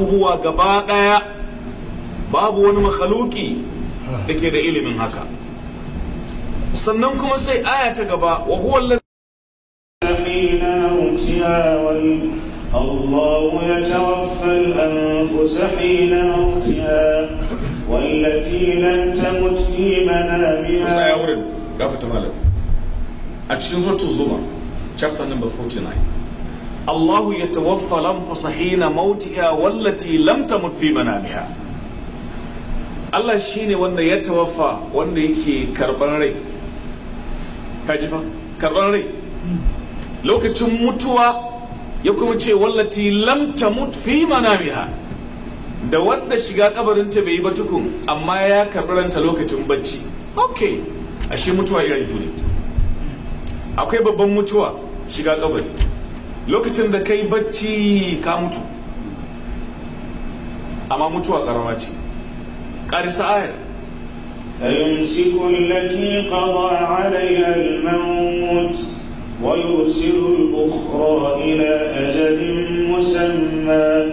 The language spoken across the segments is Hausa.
abubuwa gaba ɗaya babu wani makhaluki ah. da ke da ilimin haka sannan kuma sai aya ta gaba wa huwa alladhi الله يتوفى الأنفس حين موتها والتي لم تمت في منامها سيا ورد قافة مالك أتشين زورة الزمر chapter number 49 الله يتوفى الأنفس حين موتها والتي لم تمت في منامها الله شيني وانا يتوفى وانا يكي كربان ري كاجفا كربان ري لو كتم متوى يكم تشي والتي لم تمت في منامها da wanda shiga kabarinta bai yi ba tukun amma ya karɓi ranta lokacin bacci ok ashe mutuwa irin ne akwai babban mutuwa shiga kabari lokacin da kai bacci ka mutu amma mutuwa karama ce ƙarisa ayar فيمسك التي قضى عليها الموت ويرسل الأخرى إلى أجل مسمى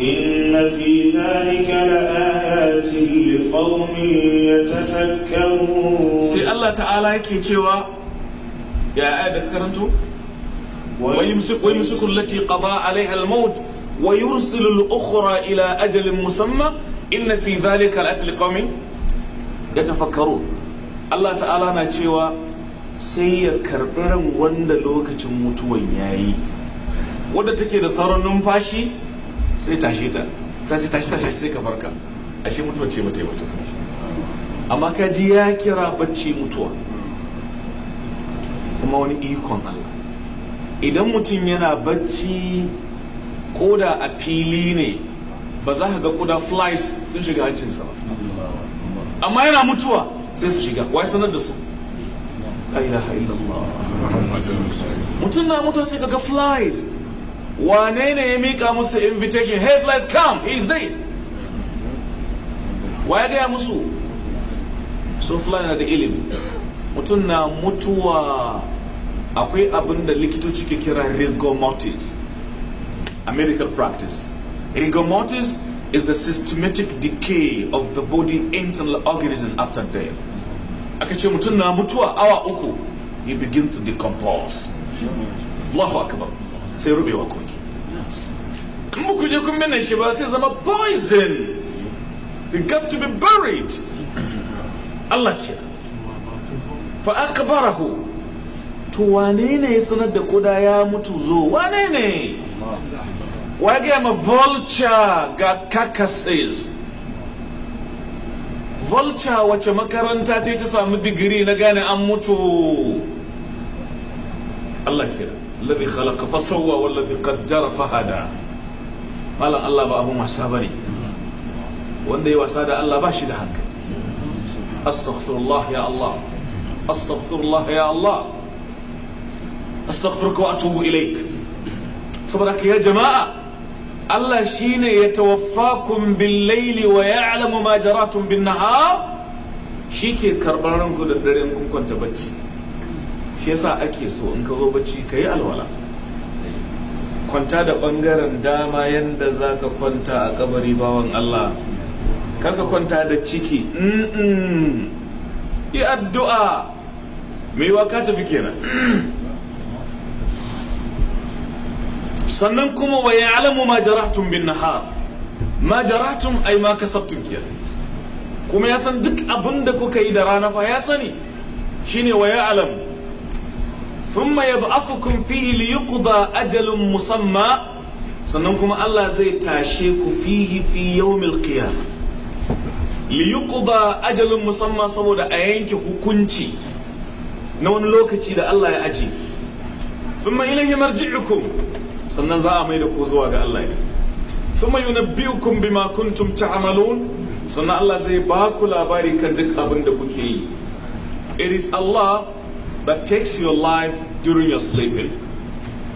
إن في ذلك لآيات لقوم يتفكرون سي الله تعالى يكي يا آية ذكرتم ويمسك ويمسك التي قضى عليها الموت ويرسل الأخرى إلى أجل مسمى إن في ذلك الأجل قوم يتفكرون الله تعالى cewa. sai ya karɓi ran wanda lokacin mutuwan ya yi wadda take da sauran numfashi sai tashe ta sai tashi tashi sai ka farka ashe mutuwa ce mata mutu amma ka ji ya kira bacci mutuwa kuma wani ikon Allah idan mutum yana bacci koda a fili ne ba za ka ga koda flies sun shiga hancinsa ba amma yana mutuwa sai su shiga wai sanar da su mutum na mutuwa sai ka ga flies wane ne ya mika musu invitation hey flies come he is there Wa ya gaya musu so fly na da ilimi mutum na mutuwa akwai abin da likitoci ke kira rigor a medical practice rigor is the systematic decay of the body internal organism after death aka ce mutum na mutuwa awa uku he begins to decompose Allahu akbar sai rubewa koki in ku je kun binne shi ba sai zama poison he got to be buried Allah ke fa akbarahu to wane ne ya sanar da kuda ya mutu zo wane ne wa ma vulture ga carcasses vulture wace makaranta ce ta samu digiri na gane an mutu Allah kira الذي خلق فسوى والذي قدر فهدى مالن الله ba abun wasa bane wanda ya wasa da Allah ba shi da hankali astaghfirullah ya Allah ya Allah astaghfiruka wa atubu ilaik saboda haka ya jama'a Allah shine ya tawaffakum bil Layli wa ya'lamu ma jaratum bin nahar shike karbar ranku da dare kun kwanta bacci shi yasa ake so in ka zo bacci ka yi alwala kwanta da bangaren dama yadda za ka kwanta a kabari bawan Allah karka kwanta da ciki yi addu'a mai waka tafi kenan sannan kuma wa alamu ma jarahtum bin nahar ma jarahtum ay ma kasabtum kiya kuma ya san duk abin da kuka yi da rana fa ya sani shine wa ya'lam thumma yab'athukum fihi liyuqda ajalun musamma sannan kuma Allah zai tashe ku fihi fi yawmil qiyamah liyuqda ajalin musamman saboda a yanke hukunci na wani lokaci da Allah ya aji thumma ilayhi marji'ukum sannan za a mai da ku zuwa ga Allah ne thumma yunabbiukum bima kuntum ta'malun sannan Allah zai ba ku labari kan duk abin da kuke yi it is Allah that takes your life during your sleeping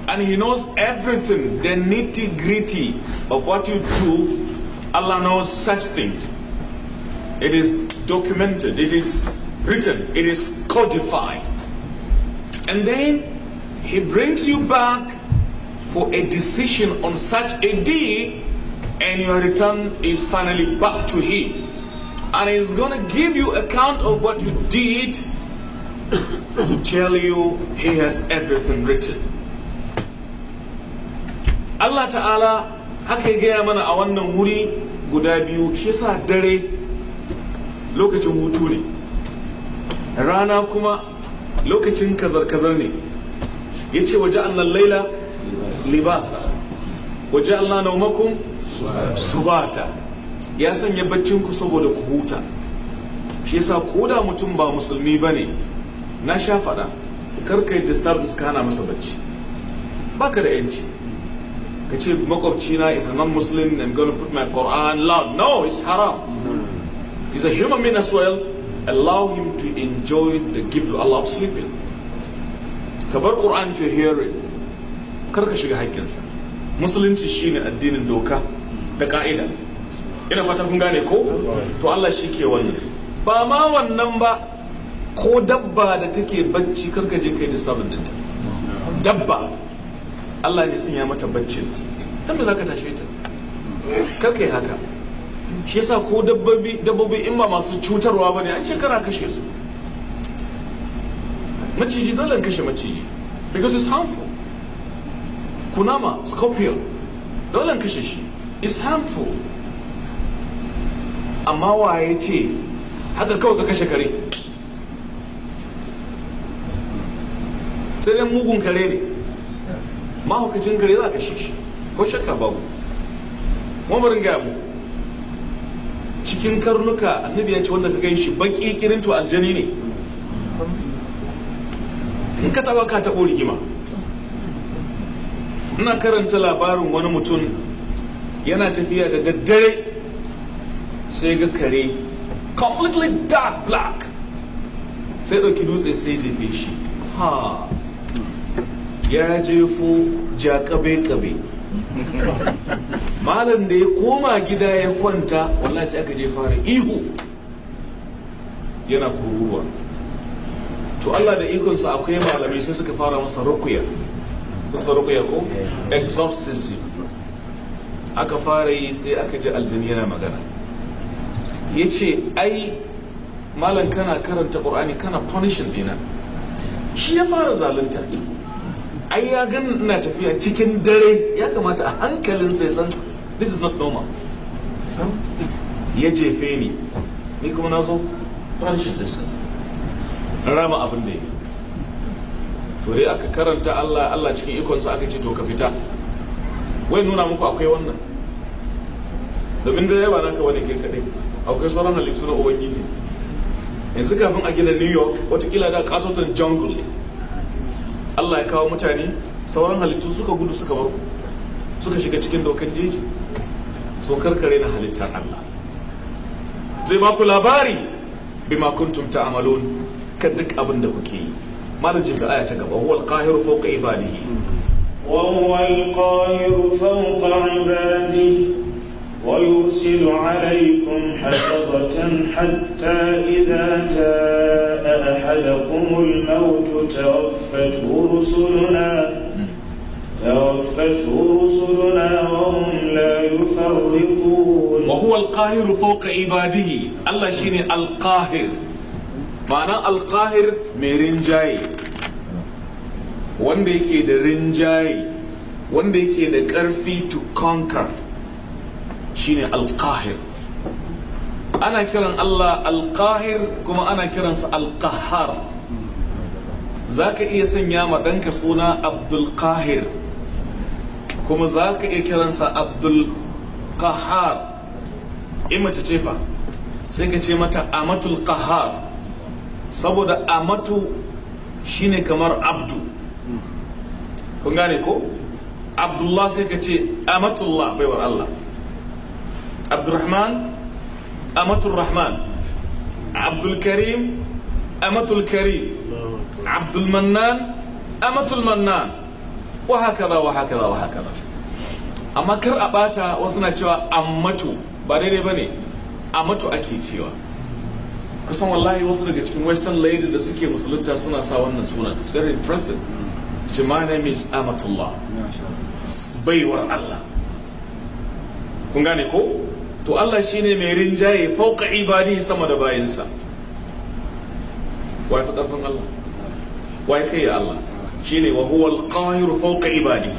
and he knows everything the nitty gritty of what you do Allah knows such things it is documented it is written it is codified and then he brings you back for a decision on such a day and your return is finally back to him and he's going to give you account of what you did to tell you he has everything written Allah ta'ala haka ya gaya mana a wannan wuri guda biyu dare lokacin hutu ne rana kuma lokacin kazar-kazar ne ya waje annan laila libasa waje Allah naumakum subata ya sanya baccin ku saboda ku huta shi yasa ko da mutum ba musulmi bane na sha faɗa karka yi disturbance ka masa bacci baka da yanci ka ce makwabci na is a non muslim i'm going put my quran loud no it's haram he's a human being as well allow him to enjoy the gift of Allah of sleeping kabar quran to hear it kar ka shiga haƙƙinsa musulunci shine addinin doka da ka'ida ina fata kun gane ko to Allah shi ke wannan ba ma wannan ba ko dabba da take bacci kar ka je kai disturbing dinta dabba Allah ne sun ya mata bacci dan me zaka tashi ta kar yi haka shi yasa ko dabbobi dabbobi in ba masu cutarwa bane an shekara kashe su maciji dole kashe maciji because it's harmful kunama Scorpio, dole kashe shi is harmful amma waye ce haka kawai ka kashe kare sai dai mugun kare ne mahaukacin kare za ka shi ko shakka mu. mamarin gaya mu cikin karnuka annabi ya ce wanda ka shi baki kirin to aljani ne in ka taba ka taɓo rigima ina karanta labarin wani mutum yana tafiya da daddare sai ga kare completely dark black sai ɗauki dutse sai jefe shi ha ya jefo ja kabe-kabe malam da ya koma gida ya kwanta wallahi sai aka je fara ihu yana kururuwa to Allah da ikonsa akwai malamai sai suka fara masa rukuya kusa ya ko exorcism aka fara yi sai aka ji aljini yana magana ya ce ai malam kana karanta ƙorani kana punishing dina shi ya fara zalunta ta ai ya gan na tafiya cikin dare ya kamata a hankalin sai san this is not normal ya jefe ni ni kuma na zo punishing dinsa rama abin da ya yi to dai aka karanta Allah Allah cikin ikonsa aka ce to ka fita wai nuna muku akwai wannan domin da yawa naka wani ke kaɗai akwai sauran halittu na ubangiji yanzu kafin a gina new york watakila da katoton jungle ne allah ya kawo mutane sauran halittu suka gudu suka bar suka shiga cikin dokan jeji so karkare na halittar allah zai ku labari bima kuntum ta'malun kan duk abin da kuke yi ما da aya ta وهو القاهر فوق عباده وهو القاهر فوق عباده ويرسل عليكم حفظة حتى إذا جاء أحدكم الموت توفته رسلنا توفته رسلنا وهم لا يفرطون وهو القاهر فوق عباده الله شيني القاهر ma'anan alƙahir mai rinjaye wanda yake da rinjaye wanda yake da ƙarfi to conquer shine alƙahir ana kiran Allah alƙahir kuma ana kiransa alƙahar za ka iya sanya ma ɗanka suna Abdulƙahir kuma za ka iya kiransa Abdulƙahar in mace ce fa sai ka ce mata amatul saboda amatu shine kamar abdu kun gane ko abdullah sai ka ce amatullah baiwar allah abdurrahman amatul rahman abdulkarim amatul karim abdulmannan amatul mannan wa hakaza wa hakaza wa hakaza amma kar a bata wasu na cewa ammatu ba daidai bane amatu ake cewa kusan wallahi wasu daga cikin western lady da suke musulunta suna sa wannan suna it's very impressive ce my name is amatullah baiwar Allah kun gane ko to Allah shine mai rinjaye fauka ibadi sama da bayansa. wai fi karfin Allah wai kai ya Allah shine wa huwa al fauka ibadi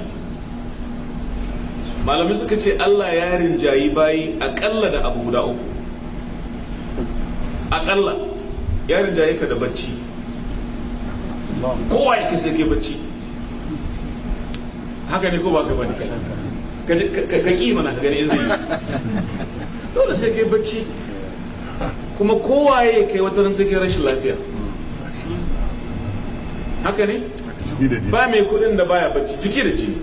malamai suka ce Allah ya rinjayi bayi akalla da abu guda uku akalla ya rinjaye ka da bacci kowa ya sai ke bacci haka ne ko ba ka bane ka ƙi mana ka gani in zai yi dole sai ke bacci kuma kowa ya kai wata ran sai ke rashin lafiya haka ne ba mai kudin da baya bacci jiki da jini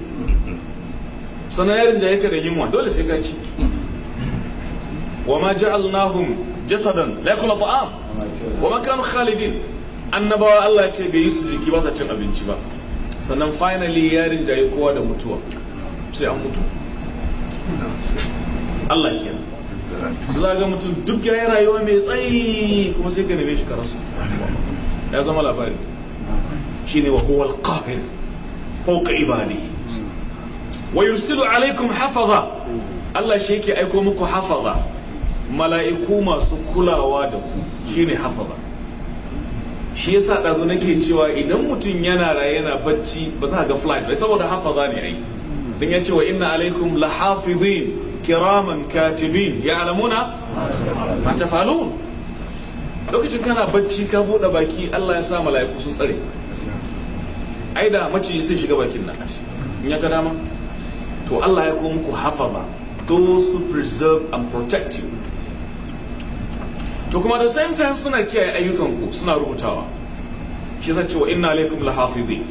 sannan ya rinjaye da yunwa dole sai ka ci wa ma ja'alnahum jasadan la yakula ta'am wa ma kanu annaba annabawa Allah ce bai yi su jiki ba sa cin abinci ba sannan finally yarin jayi kowa da mutuwa sai an mutu Allah ke. su za ga mutum duk ya yi rayuwa mai tsayi kuma sai ka neme shi karasa ya zama labari shine wa huwa al-qahir fawqa ibadihi wa yursilu alaikum hafaza Allah shi yake aiko muku hafaza mala'iku masu kulawa da ku shine ba shi yasa ɗazu nake cewa idan mutum yana raye yana bacci ba za ga flight bai saboda hafaza ne ai dan ya ce wa inna alaikum lahafizin kiraman katibin ya alamuna. ma tafalun lokacin kana bacci ka buɗa baki Allah ya sa mala'iku sun tsare ai da mace sai shiga bakin na kashi in ya ga dama to Allah ya ko muku ba those who preserve and protect you to kuma da same time suna kiyaye ayyukanku suna rubutawa shi zai ce wa inna alaikum lahafizin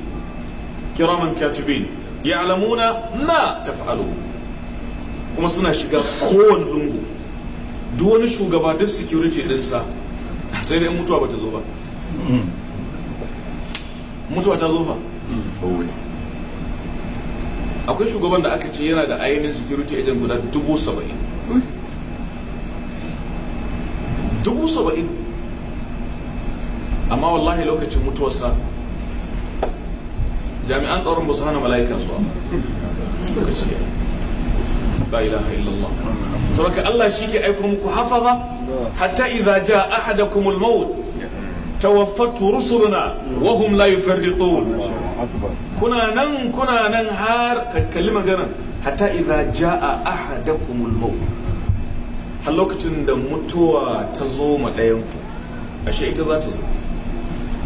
kiraman katibin ya'lamuna ma taf'alu kuma suna shiga kowane lungu duk wani shugaba duk security dinsa sai dai mutuwa bata zo ba mutuwa ta zo ba akwai shugaban da aka ce yana da ainihin security agent guda dubu saba'in dubu saba'in amma wallahi lokacin mutuwarsa jami'an tsaron ba su hana mala'ika zuwa lokaci la ilaha illallah saboda Allah shi ke aiko muku hafaza hatta idza jaa ahadakum al-maut tawaffat rusuluna wa hum la yufarritun kuna nan kuna nan har kalli magana hatta idza jaa ahadakum al-maut har lokacin da mutuwa ta zo ma ɗayan ku ashe ita za ta zo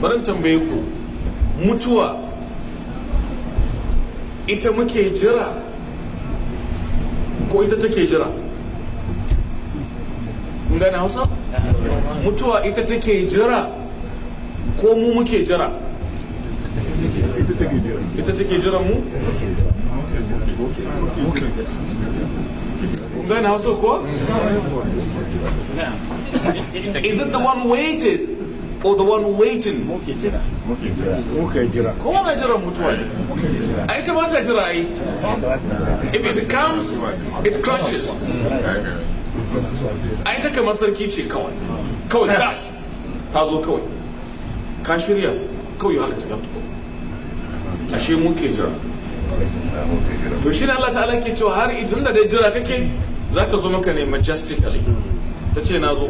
barin tambaye ku mutuwa ita muke jira ko ita take jira gane hausa mutuwa ita take jira ko mu muke jira ita take jira ita mu is it the one waited or the one waiting muke jira kowa na jiran mutuwa ta ba jira if it comes it crashes ai ta kamar sarki ce kawai kawai das kawai ka shirya kawai you have to go ashe mu jira to shi ne Allah ta'ala ke cewa har tun da dai jira kake za ta zo maka ne majestically ta ce na zo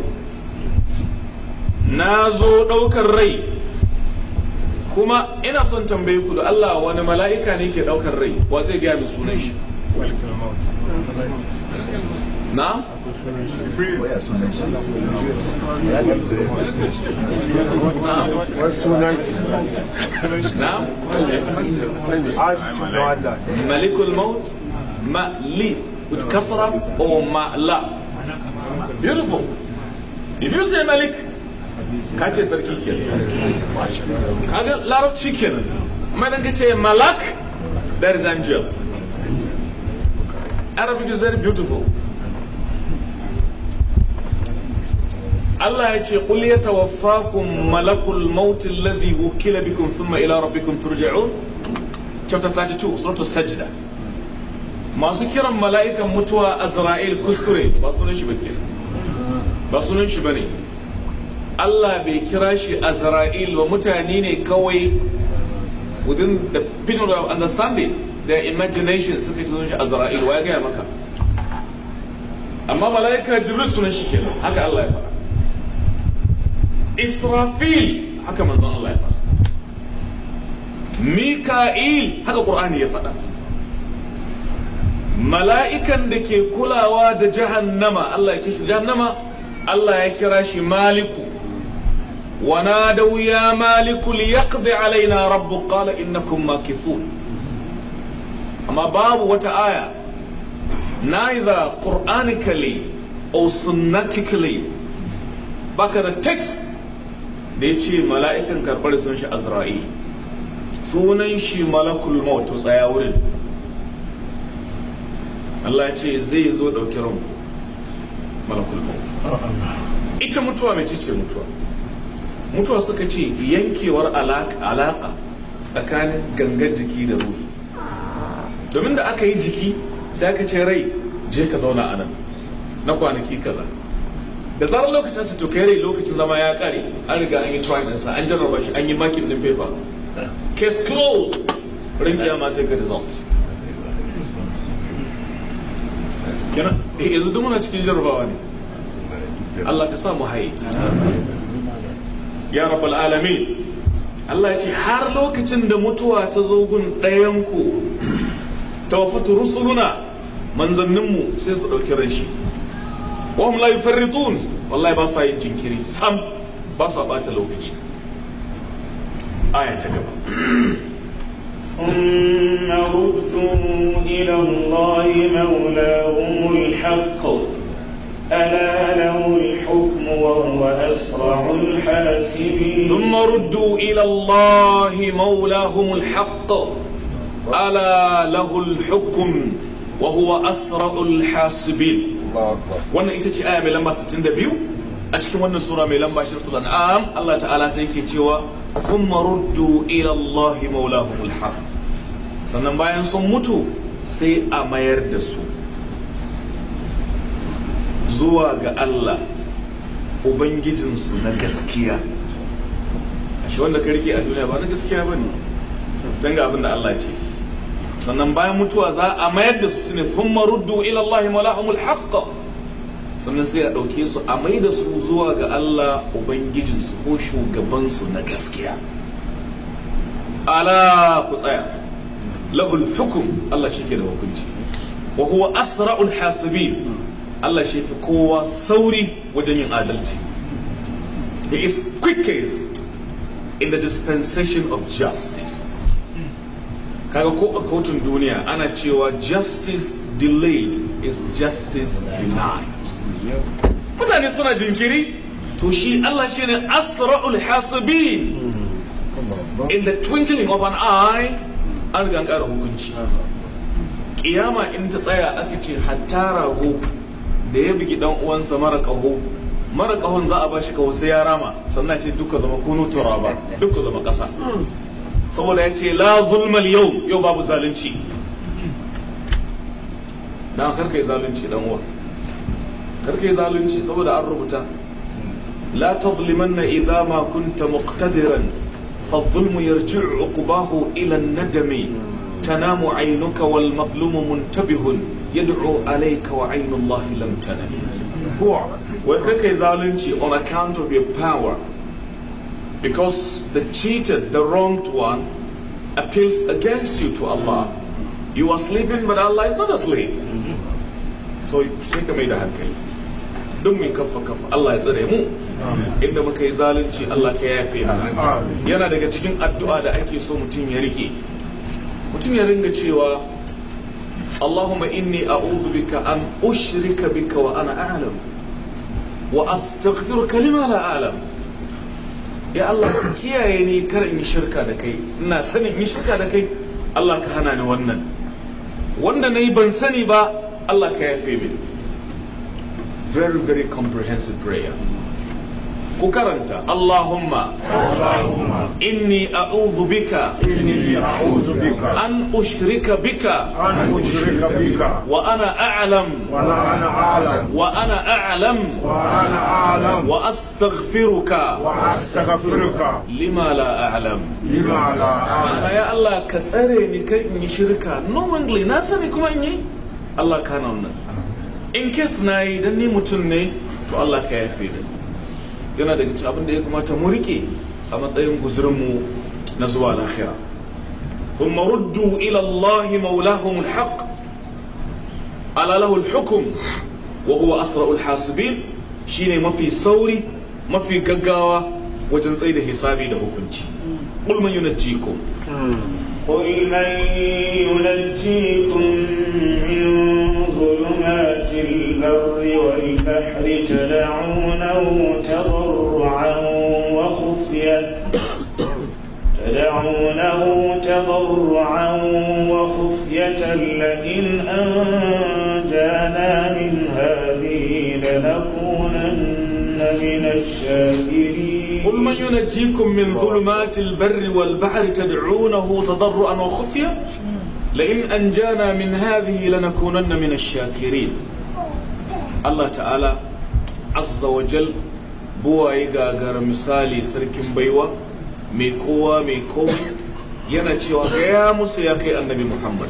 na zo ɗaukar rai kuma ina son tambaye ku da Allah wani mala'ika ne ke ɗaukar rai wa zai gaya min sunan shi na نعم ملك الموت مألي وتكسره kasra or ma'la beautiful if you say ملك, ka ce sarki kenan kaga larabci kenan malak that is angel arabic is very beautiful Allah ya ce qul yatawaffakum malakul maut alladhi wukila bikum thumma ila rabbikum turja'un chapter 32 surah sajda masu kiran mala'ikan mutuwa azra'il kuskure ba sunan shi bake ba sunan shi bane Allah bai kira shi azra'il ba mutane ne kawai within the pinnacle of understanding their imagination suka ci shi azra'il wa ya gaya maka amma mala'ika jibril sunan shi kenan haka Allah ya faɗa israfil haka manzon Allah ya faɗa mika'il haka qur'ani ya faɗa mala'ikan da ke kulawa da jahannama Allah ya kishi jahannama Allah ya kira shi maliku wa nadaw ya maliku liyaqdi alaina rabbuk qala innakum makithun amma babu wata aya neither qur'anically or sunnatically baka da text da ya ce mala'ikan karɓar sun shi azra'i sunan shi malakul maut to tsaya wurin Allah ya ce zai zo ɗauki ranku malakul maut ita mutuwa mai ce mutuwa mutuwa suka ce yankewar alaƙa tsakanin gangar jiki da ruhi domin da aka yi jiki sai aka ce rai je ka zauna anan na kwanaki kaza da zarar lokacin su to kai rai lokacin zama ya kare an riga an yi trial sa an jarraba shi an yi makin din paper case closed rinkiya ma sai ga result kenan eh yanzu duk muna cikin jarrabawa ne Allah ka sa mu haye ya rabbal alamin Allah ya ce har lokacin da mutuwa ta zo gun ɗayan ku rusuluna manzanninmu sai su ɗauki ran shi وهم لا يفرطون والله ba sa yin jinkiri sam ba sa bata lokaci ثم ردوا إلى الله مولاهم الحق ألا له الحكم وهو أسرع الحاسبين ثم ردوا إلى الله مولاهم الحق ألا له الحكم وهو أسرع الحاسبين wannan ita ce aya mai lamba 62 a cikin wannan sura mai lamba shirtul an'am Allah ta'ala sai yake cewa thumma ruddu ila Allah maulahumul haq sannan bayan sun mutu sai a mayar da su zuwa ga Allah ubangijinsu na gaskiya ashe wanda ka rike a duniya ba na gaskiya ne don ga abin da Allah ce sannan bayan mutuwa za a mayar da su ne sun maruddu ila Allah malahumul haqqa sannan sai a ɗauke su a mai da su zuwa ga Allah ubangijinsu ko shugabansu na gaskiya ala ku tsaya lahul hukum Allah shi ke da hukunci wa huwa asra'ul hasibin Allah shi fi kowa sauri wajen yin adalci he is quickest in the dispensation of justice kaga ko a kotun duniya ana cewa justice delayed is justice denied mutane suna jinkiri to shi Allah Asra asra'ul hasubi in the twinkling of an eye an ga kara hukunci kiyama in ta tsaya aka ce hatta rago da ya bugi dan uwansa mara kaho mara kahon za a bashi kaho sai ya rama sannan ce duka zama kunu turaba duka zama ƙasa saboda ya ce la zulmal yau yau babu zalunci na karka yi zalunci dan uwa karka yi zalunci saboda an rubuta la na idza ma kunta muqtadiran fa zulmu yarji'u uqbahu ila an-nadami tanamu 'aynuka wal mazlumu muntabihun yad'u alayka wa 'aynu Allah lam tanam wai karka yi zalunci on account of your power because the cheated, the wronged one appeals against you to Allah. You are sleeping, but Allah is not asleep. So take ka mai da hankali. Don mai kafa kafa Allah ya tsare mu. Inda muka yi zalunci Allah ka yafe Yana daga cikin addu'a da ake so mutum ya rike. Mutum ya ringa cewa Allahumma inni a'udhu bika an ushrika bika wa ana a'lam wa astaghfiruka lima la a'lam. ya Allah kiyaye ni kar in shirka da kai ina sanin in shirka da kai Allah ka hana ni wannan wanda na yi ban sani ba Allah ka yafe min. very very comprehensive prayer كوكرنتا اللهم اللهم اني اعوذ بك اني اعوذ بك ان اشرك بك ان اشرك بك وانا اعلم وانا اعلم وانا اعلم وانا اعلم واستغفرك واستغفرك لما لا اعلم لما لا اعلم يا الله كسرني كي نشرك لي ناسني كما اني الله كان ان كيس ناي دني متني ني تو الله كيفيني yana daga cikin da ya kamata mu rike a matsayin guzurinmu na zuwa lahira sun maruddu ilallahi maulahun alhaq alalahul hukum wa huwa asra'ul hasibin shine mafi sauri mafi gaggawa wajen tsaye da hisabi da hukunci قل من ينجيكم قل من ينجيكم من ظلمات البر والبحر تدعونه تضرعا يدعونه تضرعا وخفية لئن أنجانا من هذه لنكونن من الشاكرين قل من ينجيكم من ظلمات البر والبحر تدعونه تضرعا وخفية لئن أنجانا من هذه لنكونن من الشاكرين الله تعالى عز وجل buwaye gagar مثالي سركم baiwa mai kowa mai komai yana cewa gaya musu ya kai annabi muhammad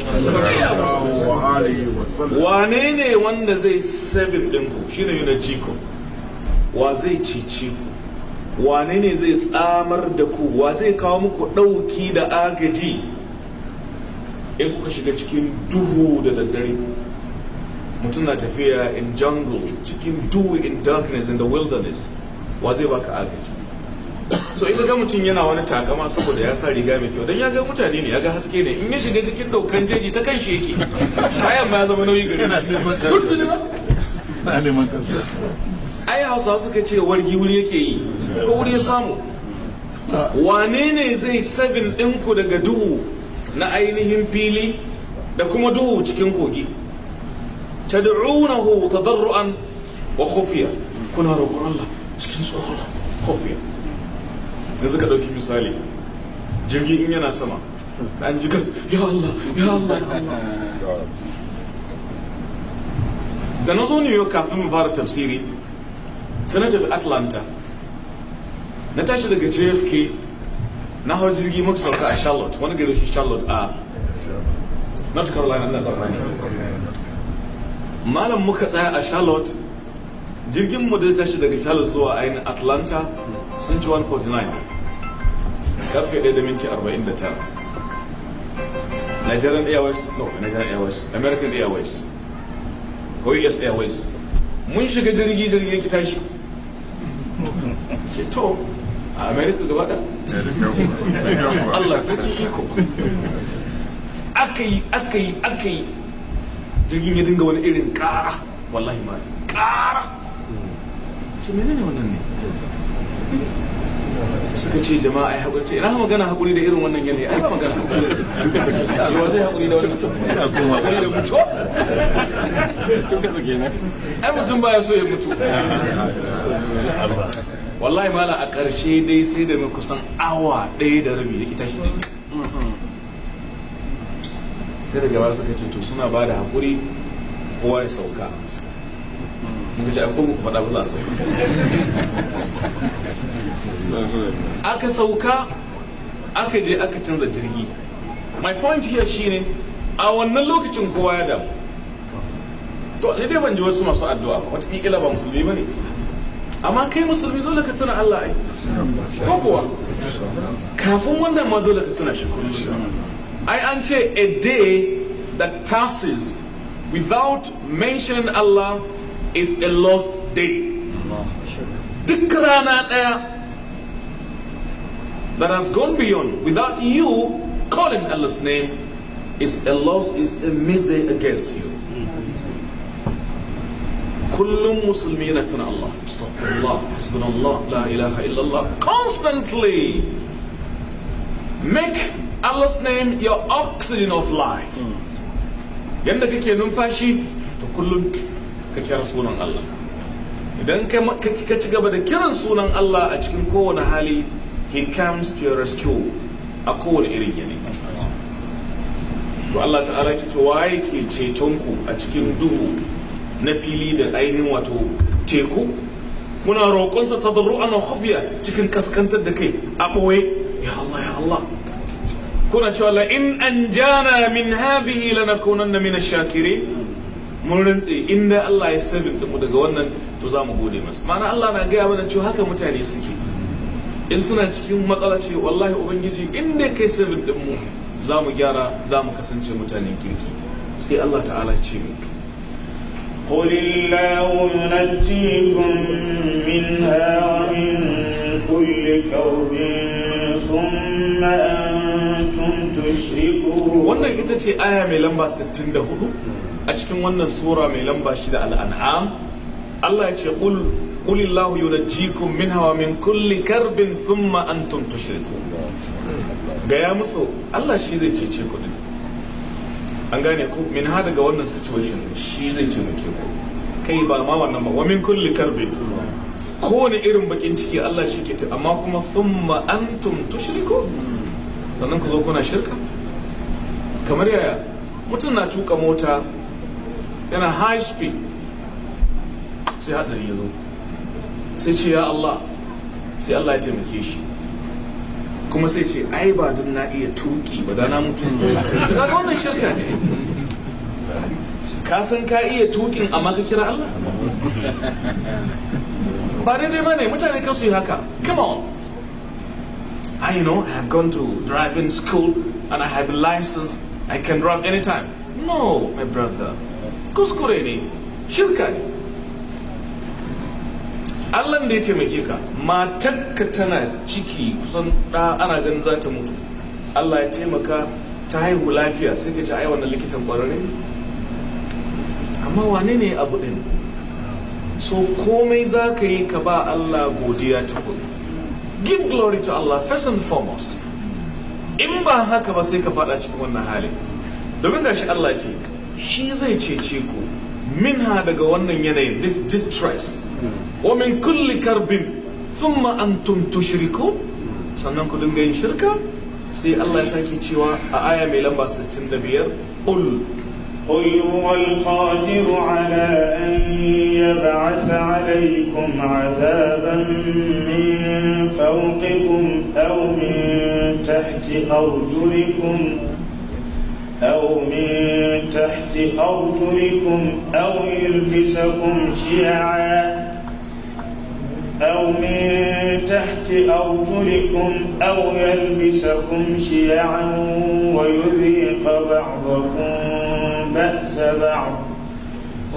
wane ne wanda zai sabin ɗinku ne yana jiko wa zai cici ku wane ne zai tsamar da ku wa zai kawo muku ɗauki da agaji in kuka shiga cikin duhu da daddare mutum na tafiya in jungle cikin duhu in darkness in the wilderness wa zai baka agaji so in ga mutum yana wani takama saboda ya sa riga mai kyau dan ya ga mutane ne ya ga haske ne in ya shiga cikin dokan jeji ta kanshi yake kayan ma ya zama nauyi gare na neman kansa ai hausawa suka ce wargi wuri yake yi ko wuri ya samu wane ne zai sabin ɗinku daga duhu na ainihin fili da kuma duhu cikin kogi tad'unahu tadarruan wa khufiya kuna roƙon Allah cikin tsoro khufiya yanzu ka ɗauki misali jirgin in yana sama an ji kan ya Allah ya Allah da na zo new york kafin mu fara tafsiri sai tafi atlanta na tashi daga jfk na hau jirgi muka sauka a charlotte wani gari shi charlotte a north carolina na tsammani malam muka tsaya a charlotte jirgin mu da tashi daga charlotte zuwa ainihin atlanta sun ci 149 karfe 1 da minti 49 nigerian airways no nigerian airways american airways ko us airways mun shiga jirgi jirgi ki tashi ce to a america gaba da allah sarki iko aka yi aka yi aka yi jirgin ya dinga wani irin kara wallahi ma kara ce menene wannan ne suka ce jama'a ai haƙuri ce ina magana haƙuri da irin wannan yanayi ai ba magana da zai haƙuri da wannan haƙuri da mutu tun kasa kenan ai mutum baya so ya mutu wallahi mala a ƙarshe dai sai da mai kusan awa ɗaya da rabi yake tashi da sai da gaba suka ce to suna ba da haƙuri kowa ya sauka muka ce ko faɗa ba aka sauka aka je aka canza jirgi my point here shine a wannan lokacin kowa ya damu to sai dai ban ji wasu masu addu'a ba wataƙila ba musulmi ba ne amma kai musulmi dole ka tuna Allah ai ko kuwa kafin wannan ma dole ka tuna shi ai an ce a day that passes without mentioning Allah is a lost day. The rana that has gone beyond without you calling Allah's name is a loss, is a misday against you. Kullu مسلم Allah. الله استغفر الله حسبنا الله constantly make Allah's name your oxygen of life hmm. yanda kake fashi to kullum ka kira sunan Allah idan ka ci gaba da kiran sunan Allah a cikin kowane hali he comes to your rescue a kowane irin yanayi to Allah ta'ala ki to waye ke ceton ku a cikin duhu na fili da ainihin wato teku muna roƙonsa tadarru'an wa hafiya cikin kaskantar da kai a ɓoye ya Allah ya Allah kuna cewa la in jana min hadhihi lanakunanna min ash-shakirin mun rantse inda Allah ya sabin mu daga wannan to za mu gode masa ma'ana Allah na gaya mana cewa haka mutane suke in suna cikin matsala ce wallahi ubangiji inda kai sabin mu za mu gyara za mu kasance mutanen kirki sai Allah ta'ala ce mu قل الله ينجيكم منها ومن كل كرب ثم أنتم تشركون wannan ita ce aya mai lamba 64 a cikin wannan sura mai lamba shida al'an'am Allah ya ce qul qul illahu yunajjikum min hawa min kulli karbin thumma antum tushrikun gaya musu Allah shi zai cece ku din an gane ku min ha daga wannan situation shi zai taimake ku kai ba ma wannan ba wa min kulli karbin kowane irin bakin ciki Allah shi ke amma kuma thumma antum tushrikun sannan ku zo kuna shirka kamar yaya mutum na tuka mota yana high speed sai haɗari ya zo sai ce ya Allah sai Allah ya taimake shi kuma sai ce ai ba don na iya tuki ba da na mutu ka ga wannan shirka ne ka san ka iya tukin amma ka kira Allah ba daidai ba ne mutane kan su yi haka come on I you know I have gone to driving school and I have a license I can drive anytime no my brother kuskure ne shirka ne allah da ya taimake ka matakka tana ciki kusan ɗa ana ganin za ta mutu allah ya taimaka ta haihu lafiya sai ka ci ai wannan likitan kwararre amma wane ne abu ɗin so komai za ka yi ka ba allah godiya ta kudu give glory to allah first and foremost in ba haka ba sai ka faɗa cikin wannan hali. domin gashi allah ce shi zai cece ku minha daga wannan yanayin this distress wa min kulli karbin thumma antum tushriku sannan ku dinga yin shirka sai Allah ya sake cewa a aya mai lamba 65 qul قل هو القادر على أن يبعث عليكم عذابا من فوقكم أو من تحت أرجلكم أو من تحت أرجلكم أو يلبسكم شيعا أو من تحت أرجلكم أو يلبسكم شيعا ويذيق بعضكم بأس بعض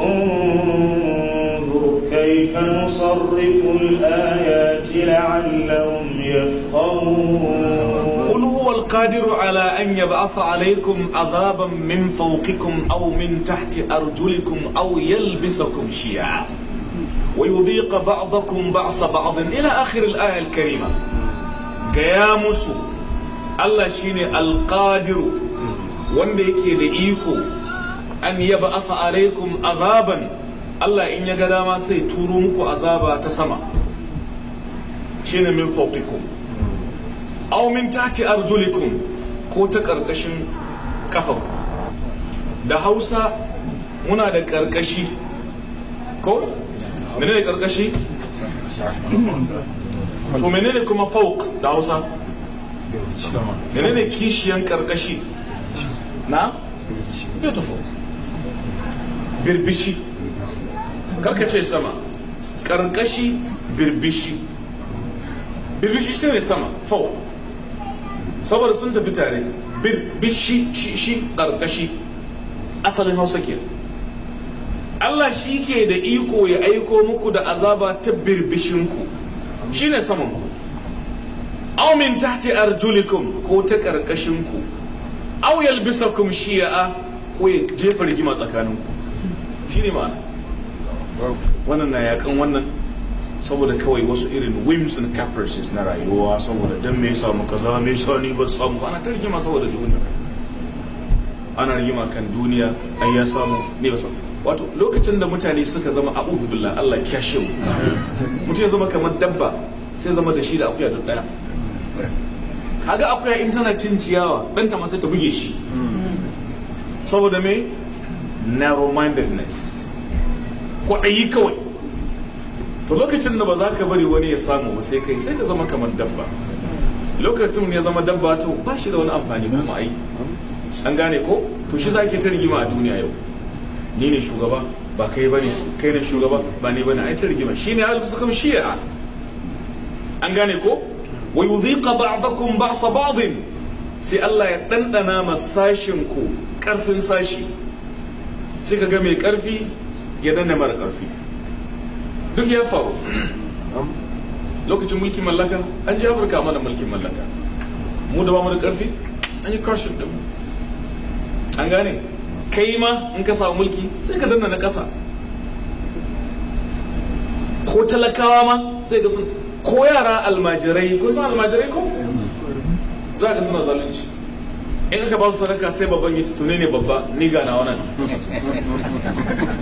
انظر كيف نصرف الآيات لعلهم يفقهون القادر على أن يبعث عليكم عذابا من فوقكم أو من تحت أرجلكم أو يلبسكم شيعا ويذيق بعضكم بعض بعض إلى آخر الآية الكريمة قيامس الله شيني القادر وانديك لإيكو أن يبعث عليكم عذابا الله إن يقدام سيتورمك عذابا تسمى شيني من فوقكم aw min tahti arjulikum ko ta ƙarƙashin kafa da Hausa muna da ƙarƙashi, ko menene ƙarƙashi? to menene kuma fawq da Hausa menene kishiyan karkashi na beautiful birbishi karka ce sama ƙarƙashi birbishi birbishi shine sama fawq saboda sun tafi tare bishi shi shi karkashi asalin hausa ke Allah shi ke da iko ya aiko muku da azaba ta birbishinku ne saman ku aw min tahti arjulikum ko ta karkashin ku aw yalbisakum shi'a ko ya jefa rigima tsakaninku ne ma'ana wannan na yakan wannan saboda kawai wasu irin whims and caprices na rayuwa saboda dan me yasa muka zama me yasa ni ba samu ana ta rigima saboda duniya ana rigima kan duniya ai ya samu ne ba samu wato lokacin da mutane suka zama a'udhu billah Allah ya kyashe mu mutum ya zama kamar dabba sai zama da shi da akuya duk daya kaga akuya in tana cin ciyawa ɗanta ma sai ta buge shi saboda me narrow mindedness kwaɗayi kawai to lokacin da ba za ka bari wani ya samu ba sai kai sai ka zama kamar dabba lokacin ya zama dabba to ba shi da wani amfani ba ai an gane ko to shi zake ta rigima a duniya yau ni ne shugaba ba kai bane kai ne shugaba ba ni bane ai ta rigima shine alfisakam shi'a an gane ko wa yudhiqa ba'dakum ba'sa ba'd sai Allah ya dandana masashin ku karfin sashi sai ka ga mai karfi ya danna mara karfi duk ya faru lokacin mulkin mallaka an ji afirka mana mulkin mallaka mu da ba mu da karfi an yi crushing din an gane kai ma in ka samu mulki sai ka danna na ƙasa ko talakawa ma sai ka sun ko yara almajirai ko san almajirai ko za ka suna zalunci in aka ba su sadaka sai babban ya tuni ne babba ni gana wannan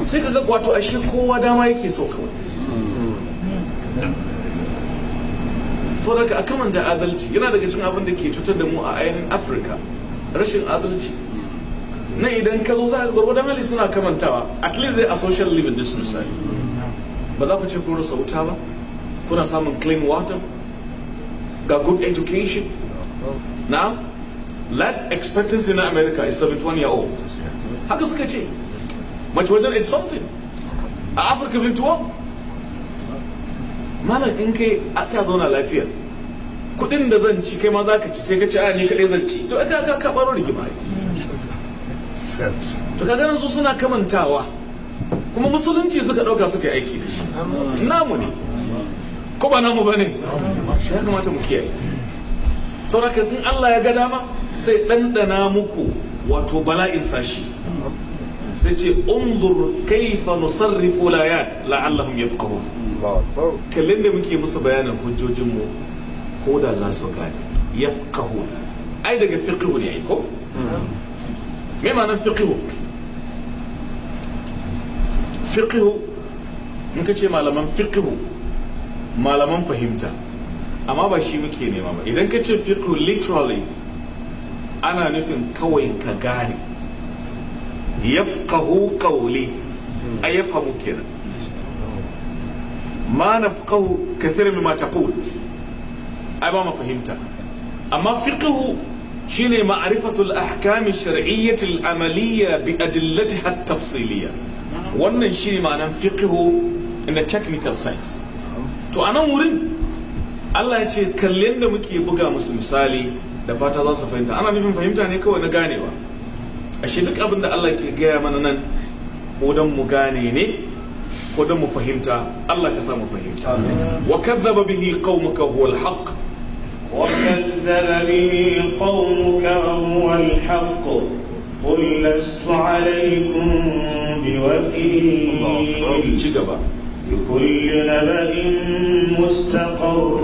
sai ka ga wato ashe kowa dama yake so kawai da ka a kamanta adalci yana daga cikin abin da ke cutar da mu a ainihin afirka rashin adalci na idan ka zo za ka gwargwadon hali suna kamantawa at least they a social living this su misali ba za ku ce kun rasa wuta ba kuna samun clean water ga good education na life expectancy na america is 71 year old haka suka ce much wajen it's something a afirka 21 malam in kai a tsaya zauna lafiya kuɗin da zan ci kai ma za ka ci sai ka ci a kadai zan ci to aka ka ka baro to ka ganin su suna kamantawa kuma musulunci suka ɗauka suka yi aiki da shi namu ne ko ba namu ba ne ya kamata mu kiyaye sauraka in Allah ya ga dama sai ɗanɗana muku wato bala'in sashi sai ce unzur kaifa nusarrifu layat la'allahum yafqahun kallin da muke musu bayanin hujjojinmu ko da za su gane yafqahun ai daga fiqhu ne ai ko hmm. me ma'anar fiqhu fiqhu in ka ce malaman fiqhu malaman fahimta amma ba shi muke nema ba idan ka ce fiqhu literally ana nufin kawai ka gane yafqahu qawli ay yafhamu kenan ma nafqahu kathir mimma taqul ai ba ma fahimta amma fiqhu shine ma'rifatul ahkam ash-shar'iyyah amaliya amaliyya bi adillati har tafsiliyya wannan shine ma'anan fiqhu in the technical sense to anan wurin Allah ya ce kalli yadda muke buga musu misali da fata za su fahimta ana nufin fahimta ne kawai na ganewa ashe duk abin da Allah ke gaya mana nan ko dan mu gane ne ko dan mu fahimta Allah ka sa mu fahimta wa kadzaba bihi qaumuka huwa alhaq wa kadzaba bihi qaumuka huwa alhaq haq qul lastu alaykum biwakil لكل نبأ مستقر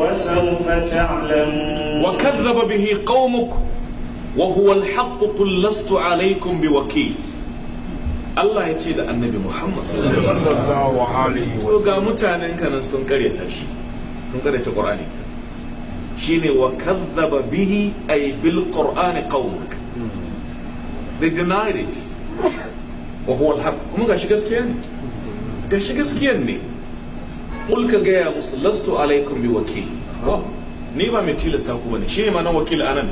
وسوف تعلمون وكذب به قومك wa huwa alhaqqu qul lastu alaykum biwakil Allah ya ce da annabi Muhammad sallallahu alaihi wa ga mutanen kanan sun karyata shi sun karyata Qur'ani shine wa kadhaba bihi ay bil Qur'ani qaumuk they denied it wa huwa alhaq kuma gashi gaskiya ne gashi gaskiya ne mulka gaya musu lastu alaikum bi wakil oh, ni ba mai tilasta ku bane shine ma nan wakil anan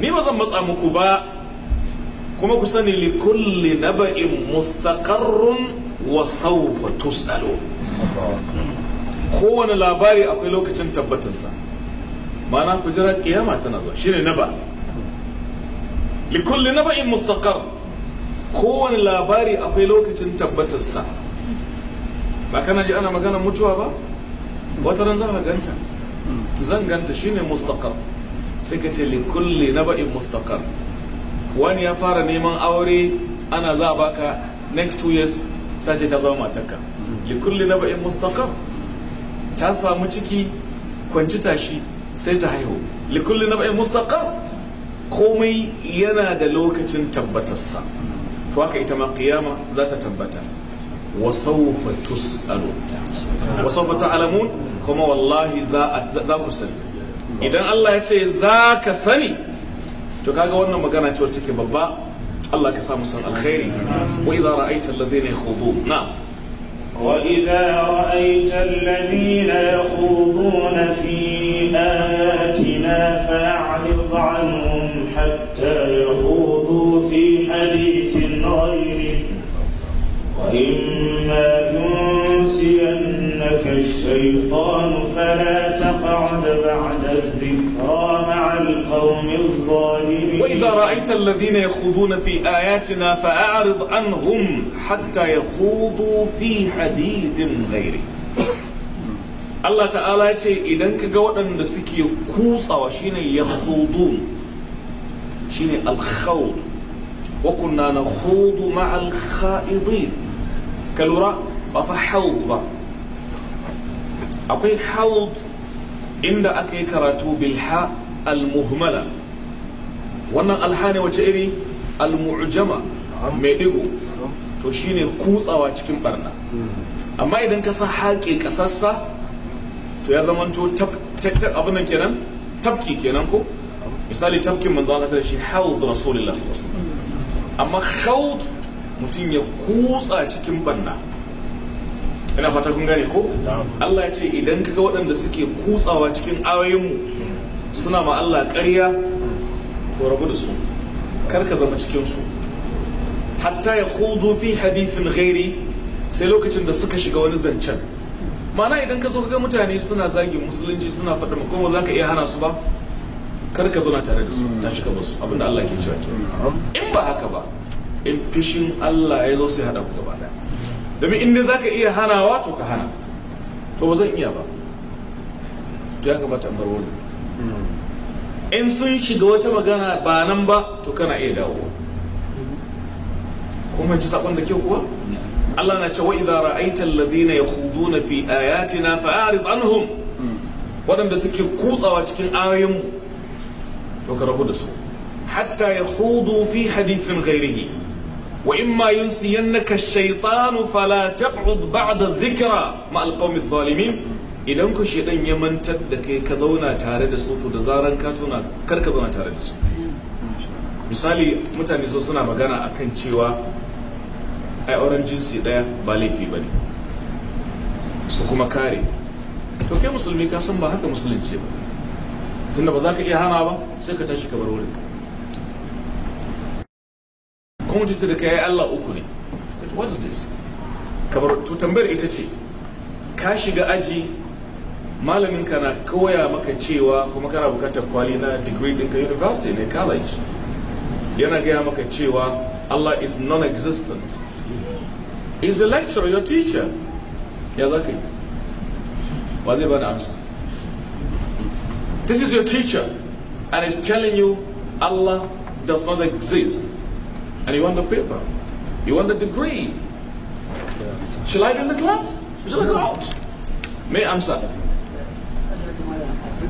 ni ba zan matsa muku ba kuma ku sani li kulli naba'in mustaqarrun wa sawfa tus'alu kowane labari akwai lokacin tabbatarsa ma'ana ku jira kiyama tana zuwa shine naba li kulli naba'in mustaqarr kowane labari akwai lokacin tabbatarsa ba kana ji ana magana mutuwa ba wata ran za ka ganta zan ganta shine mustaqarr sai ka ce likulli na ba'in mustaqar wani ya fara neman aure ana za a baka next two years sace ta zama matarka likulli na ba'in mustaqar ta samu ciki kwanci tashi sai ta haihu likulli na ba'in mustaqar komai yana da lokacin tabbatarsa to haka ita ma kiyama za ta tabbata وسوف تسألون وسوف تعلمون كما والله za ku sani idan Allah ya ce za ka sani to kaga wannan magana ce wacce ke babba Allah ka samu san alkhairi wa idza ra'aita alladhina yakhudun na wa idza ra'aita alladhina yakhudun fi ayatina fa'rid 'anhum hatta yahudu fi hadithin ghayrih وإما ينسينك الشيطان فلا تقعد بعد القوم الظالمين وإذا رأيت الذين يخوضون في آياتنا فأعرض عنهم حتى يخوضوا في حديث غيره Allah ta'ala ya ce idan ka ga waɗanda suke kutsawa shine ya khudun shine alkhawd wa kunna na khudu ma'al kha'idin ka lura ba fa hawd ba akwai hawd inda aka yi karatu bilha almuhmala wannan alha wace iri almu'jama mai digo to shine kutsawa cikin barna amma idan ka sa haƙe ƙasassa to ya zamanto abin nan kenan tafki kenan ko misali tafkin manzo Allah ta shi hawd rasulullah sallallahu alaihi wasallam amma khawd mutum ya kutsa cikin banna ina fata kun gane ko Allah ya ce idan kaga waɗanda suke kutsawa cikin mu suna ma Allah ƙarya ko rabu da su kar ka zama cikin su hatta ya hudu fi hadithin ghairi sai lokacin da suka shiga wani zancen mana idan ka zo ga mutane suna zagin musulunci suna faɗa kuma za ka iya hana su ba kar ka na tare da su ta shiga basu abinda Allah ke cewa in ba haka ba in fishin Allah ya zo sai hada ku gaba da domin in za ka iya hanawa to ka hana to ba zan iya ba to ya kamata in bar wani in sun shiga wata magana ba nan ba to kana iya dawo kuma ji sakon da ke kuwa Allah na ce wa idza ra'aita alladhina yakhuduna fi ayatina fa'rid anhum waɗanda suke kutsawa cikin ayoyin mu to ka rabu da su hatta yakhudu fi hadithin ghairihi wa imma yunsiyannaka ash-shaytanu fala tab'ud ba'da dhikra ma al-qawmi adh-dhalimin idan ku shedan ya mantar da kai ka zauna tare da su ku da zaran ka zauna kar ka zauna tare da su misali mutane so suna magana akan cewa ai auren jinsi daya ba laifi ba ne su kuma kare to kai musulmi ka san ba haka musulunci ba tunda ba za ka iya hana ba sai ka tashi ka bar wurin kuma jita da kai Allah uku ne what is this kamar to tambayar ita ce ka shiga aji malamin ka na koya maka cewa kuma kana bukatar kwali na degree ɗinka university ne college yana gaya maka cewa Allah is non-existent is a lecturer your teacher ya za ka yi wa zai bada amsa this is your teacher and is telling you Allah does not exist and you want the paper you want the degree shall I be in the class shall I go out may answer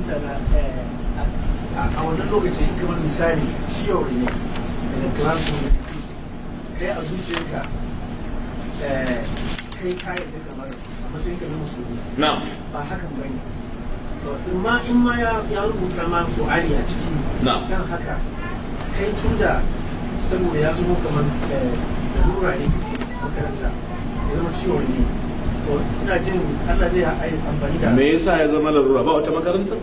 Eh, a wannan lokacin kamar misali ciwo ne a zuciyarka eh, kai kayan da na ba hakan ba ne ma in ma ya rubuta ma a ciki kan haka kai tun da saboda ya zo kamar da eh, lura ne makaranta ya zama ciwo ne ina jin Allah zai amfani da me yasa ya zama larura ba wata makaranta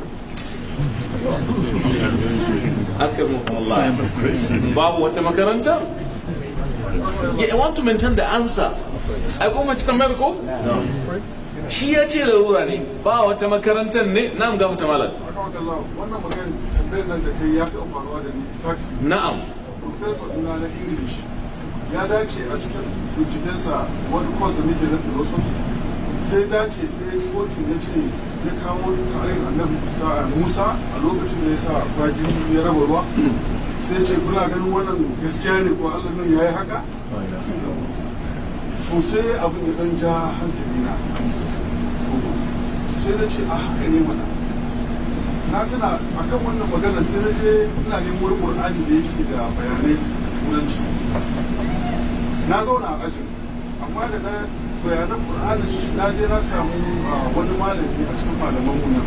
babu wata makaranta yeah, I want to maintain the answer ai kuma cikin mayar ko shi ya ce larura ne ba wata makarantar ne na'am gafa ta malam na'am professor ina na english ya dace a cikin bincikensa wani course da muke na philosophy sai dace sai kotun ya ce ya kawo tarin annabi musa a lokacin da ya sa bajin ya raba ruwa sai ce kuna ganin wannan gaskiya ne ko allah nan ya yi haka to sai abin da dan ja hankali na sai na ce a haka ne mana na tuna kan wannan magana sai na je ina nemo qur'ani da yake da bayanai turanci na zauna a ajin amma da na bayanan Qur'ani na je na samu ah, wani malami a cikin malaman mu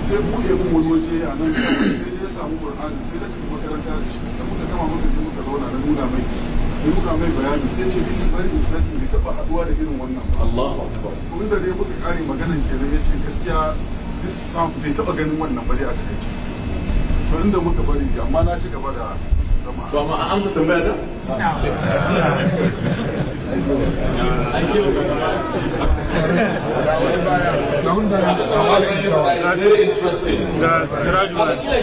sai bude mun wani waje a nan sai ya samu Qur'ani sai na tafi makaranta da shi da muka gama muka je muka zauna na nuna mai da muka mai bayani sai ce this is very interesting bai taba haduwa da irin wannan Allahu akbar kun da dai muka kare maganar ya yace gaskiya this sound bai taba ganin wannan bare a kai to inda muka bari amma na ci gaba da to amma a amsa tambaya ta very interesting za ka aikata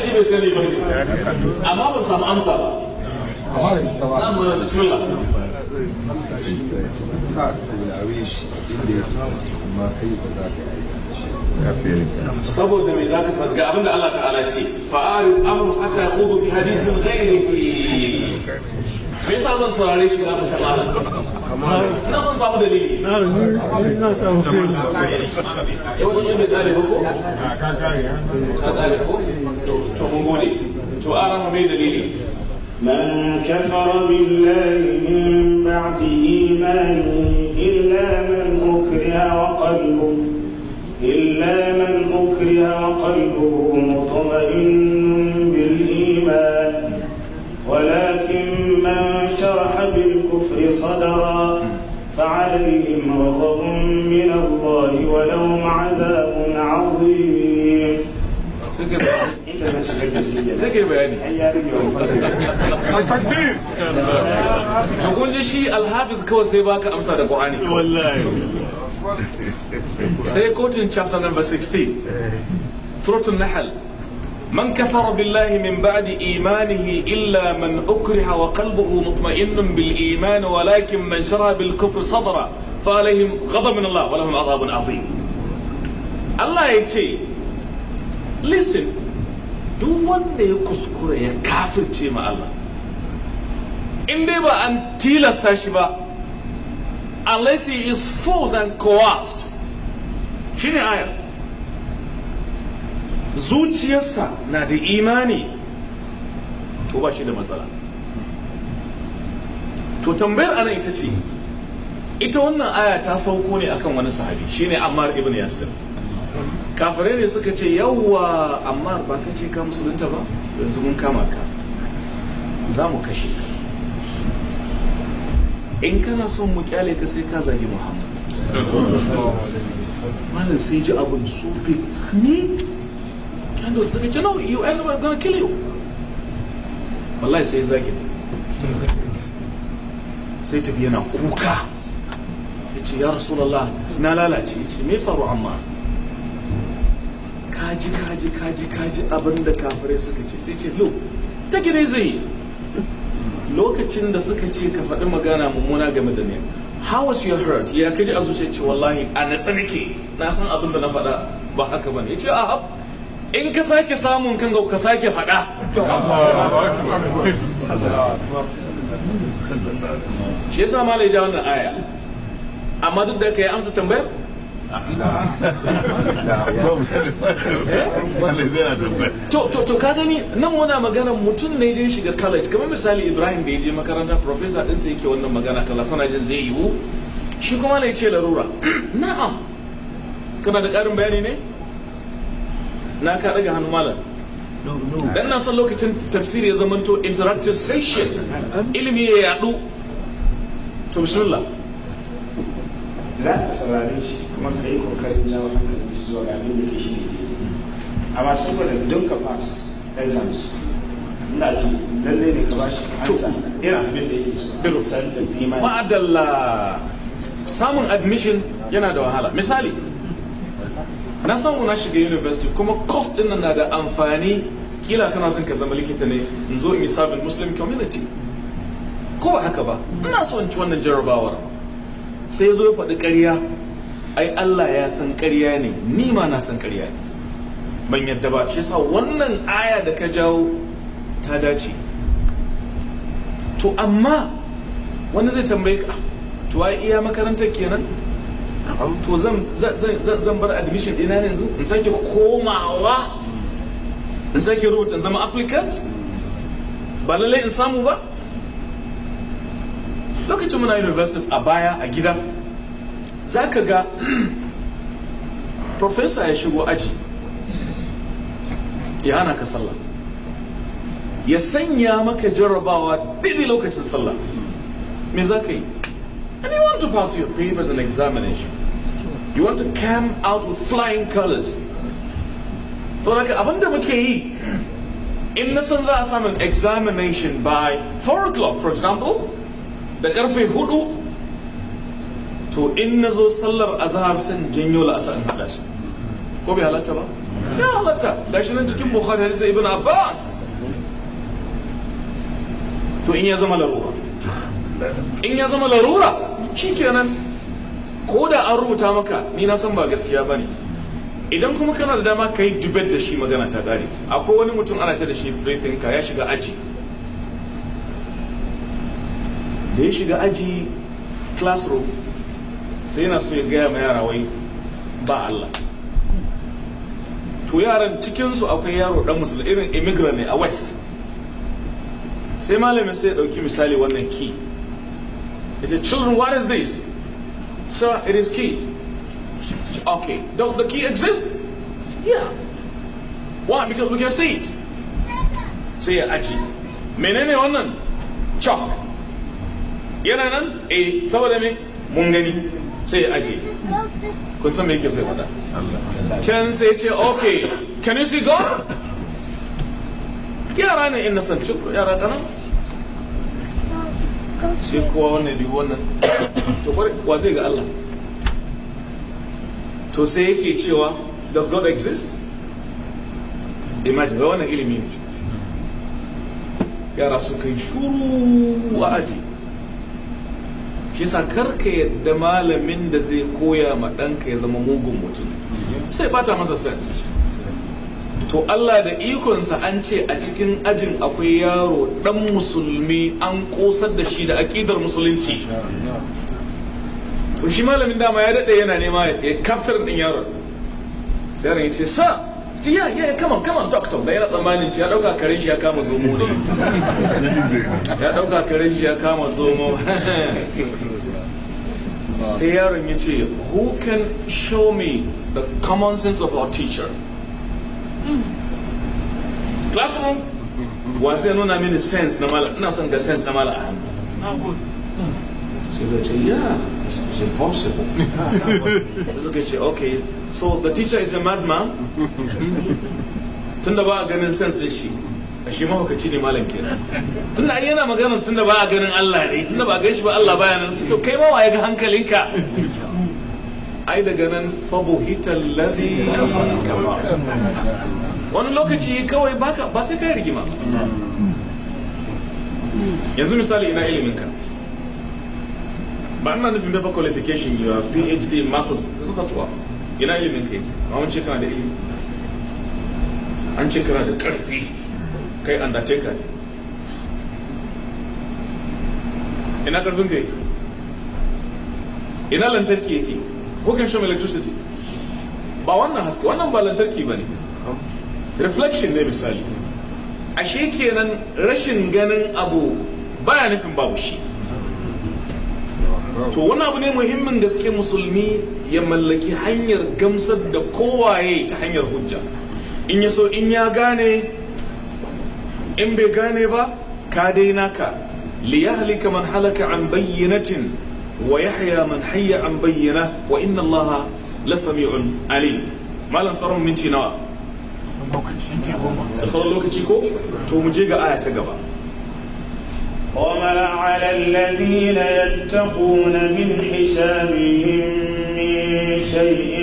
saboda mai Allah ta'ala ce fa'arin amur hatta khudu fi hadithin ghairi me yasa zan saurare shi na fata malam من كفر بالله من بعد إيمانه إلا من أكره وقلبه إلا من أكره وقلبه مطمئن بالإيمان ولكن من شرح بالله صدرا فعليهم غضب من الله ولهم عذاب عظيم يقول شيء الحافظ كو سيباك امسى القراني والله سيكوت ان شابتر نمبر 16 سوره النحل من كفر بالله من بعد إيمانه إلا من أكره وقلبه مطمئن بالإيمان ولكن من شرها بالكفر صدر فعليهم غضب من الله ولهم عذاب عظيم الله يتي listen do one day كسكرة يا كافر تي ما الله إن ديبا أن تيلا ستاشبا unless he is forced and coerced شيني آيه zuciyarsa na da imani to ba shi da matsala to tambayar anan ita ce ita wannan aya ta sauko ne akan wani sahabi shine Ammar ibn Yasir kafirai ne suka ce yawwa Ammar ba ka ce ka musulunta ba yanzu mun kama ka za mu kashe ka in kana son mu kyale ka sai ka zagi Muhammad malam sai ji abin su ne handle it zai you gonna kill you wallahi sai zage sai tafi yana kuka ya ce ya rasulallah na lalace ya ce me faru amma kaji kaji kaji kaji abinda kafare suka ce sai ce lo ta gida zai lokacin da suka ce ka faɗi magana mummuna game da ne how was your hurt ya kaji a zuciya ce wallahi a natsa nake na san abin da na faɗa ba haka ne ya ce a in ka sake samun kan ka sake faɗa shi yasa ma ja wannan aya amma duk da ka yi amsa tambayar to to to ka gani nan muna magana mutum ne je shiga college kamar misali ibrahim da ya je makaranta profesa din sai yake wannan magana kala kana jin zai yiwu shi kuma ne ce larura na'am kana da ƙarin bayani ne na ka daga hannu malam dan na san lokacin tafsiri ya zamanto interactive session ilimi ya yadu to bismillah za ka saurare shi kuma ka yi kokarin jawo hankali shi zuwa ga abin da ke shi ne amma saboda don ka pass exams ina ji Lallai ne ka ba shi ansa irin abin da yake so biru ma'adalla samun admission yana da wahala misali na samu na shiga university kuma kwas din nan na da amfani kila kana son ka zama likita ne in zo in yi sabon muslim community ko ba haka ba ina so in ci wannan jarrabawar sai zo ya faɗi ƙarya ai Allah ya san ƙarya ne ni ma na san ƙarya ne ban yadda ba shi yasa wannan aya da ka jawo ta dace to amma wani zai tambaye ka ah, to ai iya makarantar kenan to zan bar admission ɗina yanzu in sake komawa in sake rubuta zama applicant ba lallai in samu ba lokacin muna universities a baya a gida za ka ga professor ya shigo aji ya hana ka sallah ya sanya maka jarrabawa daidai lokacin sallah me za ka yi and you want to pass your papers and examination you want to come out with flying colors So like abinda muke yi in na san za a samu examination by 4 o'clock for example da karfe hudu. to in na zo sallar azhar san janyo la'asar in hada su ko bai halatta ba ya halatta shi nan cikin bukhari hadisi ibn abbas to in ya zama larura in ya zama larura shikenan ko da an rubuta maka ni na san ba gaskiya ba ne idan kuma kana da dama ka yi dubet da shi magana ta ƙare akwai wani mutum ana ta da shi free thinker ya shiga aji da ya shiga aji classroom sai yana so ya gaya ma yara wai ba Allah to yaran cikinsu akwai yaro dan musulun irin immigrant ne a west sai malamin sai ya ɗauki misali wannan ki ya ce children what is this Sir, it is key. Okay. Does the key exist? Yeah. Why? Because we can see it. See, actually. aji. Menene wannan? Chalk. Yana nan? Eh, saboda me? Mun gani. Sai ya aji. Kun san me yake so ya Can sai ce, okay, can you see God? Yara ne innocent, yara kanan. sai kowa wannan dubu wannan to wa zai ga Allah to sai yake cewa does God exist imagine wannan ilimi ne yara su kai shuru a aji shi sa karka yadda malamin da zai koya ma ɗanka ya zama mugun mutum sai bata masa sense to Allah da ikonsa an ce a cikin ajin akwai yaro dan musulmi an kosar da shi da aƙidar musulunci shi malamin dama ya daɗe yana nema ya kaftar ɗin yaron sai yaron ya ce sa ji ya ya kaman kaman talk to da yana tsammanin ya ɗauka karen shi ya kama zomo ne ya ɗauka karen shi ya kama zomo sai yaron ya ce who can show me the common sense of our teacher classroom there no na mini sense na mala ina son ga sense na mala a hannu sai da ce yeah it's impossible suka ce okay so the teacher is a madman tunda ba a ganin sense da shi a shi mahaukaci ne malam kenan tunda ai yana magana tunda ba a ganin Allah ne tunda ba a shi ba Allah baya nan to kai ma waye ga hankalinka ai daga nan fabuhitar lazi wani lokaci kawai baka ba sai kai rigima yanzu misali ina iliminka ba ina nufin dafa qualification yi wa phd masters su ka tuwa ina iliminka yake amma ce kana da ilimi an ce kana da karfi kai undertaker ne ina karfin ka yake ina lantarki yake who can show electricity ba wannan haske wannan ba lantarki ba ne reflection ne misali ashe kenan rashin ganin abu baya nufin babu shi to wani abu ne muhimmin gaske musulmi ya mallaki hanyar gamsar da kowaye ta hanyar hujja in ya so in ya gane in bai gane ba ka dai naka liyahlika man halaka an bayyanatin ويحيى من حي عن بينه وإن الله لسميع عليم ما tsaron صار من تينا sauran lokaci ko تو mu je ga aya وما على الذين يتقون من حسابهم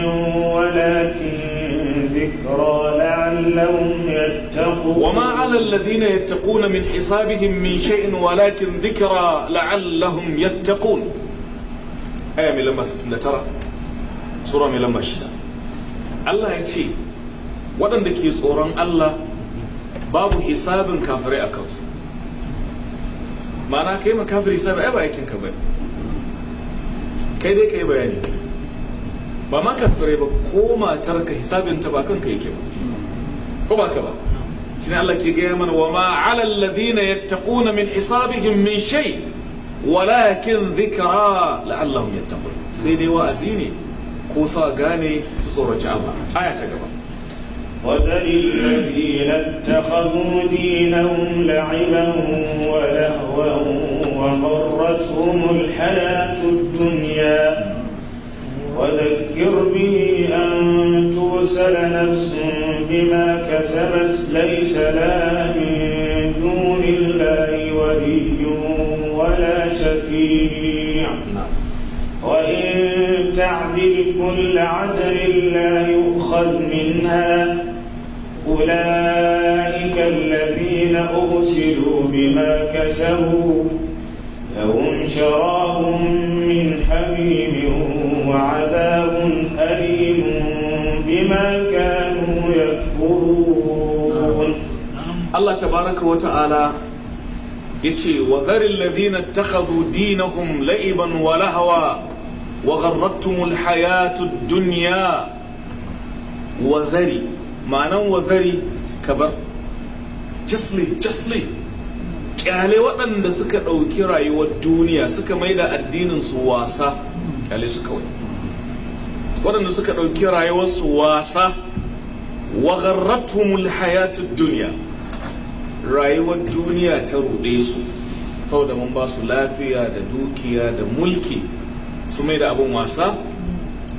من شيء ولكن ذكرى لعلهم يتقون وما على الذين يتقون من حسابهم من شيء ولكن ذكرى لعلهم يتقون aya mai lamba 69 sura mai lamba 6 Allah ya ce waɗanda ke tsoron Allah babu hisabin kafirai a kansu ma'ana kai ma kafiri hisabi ai ba yakin ka bane kai dai kai bayani ba ma kafirai ba ko matar ka hisabin ta ba kanka yake ba ko ba ka ba shine Allah ke gaya mana wa ma 'alal ladina yattaquna min hisabihim min shay' ولكن ذكرى لعلهم يتقون سيدي وازيني قوصا غاني تصور sa آية su وذل الذين اتخذوا دينهم لعبا ولهوا وغرتهم الحياة الدنيا وذكر به أن توسل نفس بما كسبت ليس لها من سميع وإن تعدل كل عدل لا يؤخذ منها أولئك الذين أرسلوا بما كسبوا لهم شراب من حميم وعذاب أليم بما كانوا يكفرون الله تبارك وتعالى yace wa dharil ladina takhadhu dinahum la'iban walahawa, lahawa wa gharratkumul hayatud duniya. wa dhari ma'anan wa ka bar? justly justly kyale waɗanda suka ɗauki rayuwar duniya suka maida addinin su wasa kyale su kawai waɗanda suka ɗauki rayuwar su wasa wa gharratkumul hayatud duniya. rayuwar duniya ta ruɗe su saboda mun ba su lafiya da dukiya da mulki su mai da abin wasa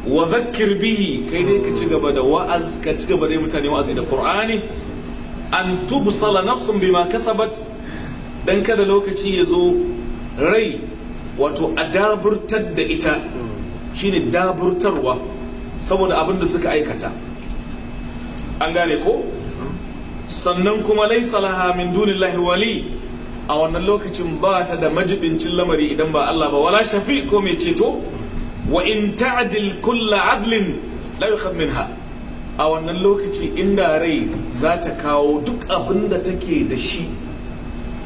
wa zakkir bihi kai dai ka ci gaba da wa'az ka ci gaba dai mutane wa'azi da qur'ani an tubsala nafsun bima kasabat dan kada lokaci ya zo rai wato adaburtar da ita shine daburtarwa saboda abin da suka aikata an gane ko sannan kuma laisa laha min dunillahi wali a wannan lokacin ba ta da majibincin lamari idan ba Allah ba wala shafi ko mai ceto wa in ta'dil kullu adlin la yukhad minha a wannan lokaci inda rai za ta kawo duk abin da take da shi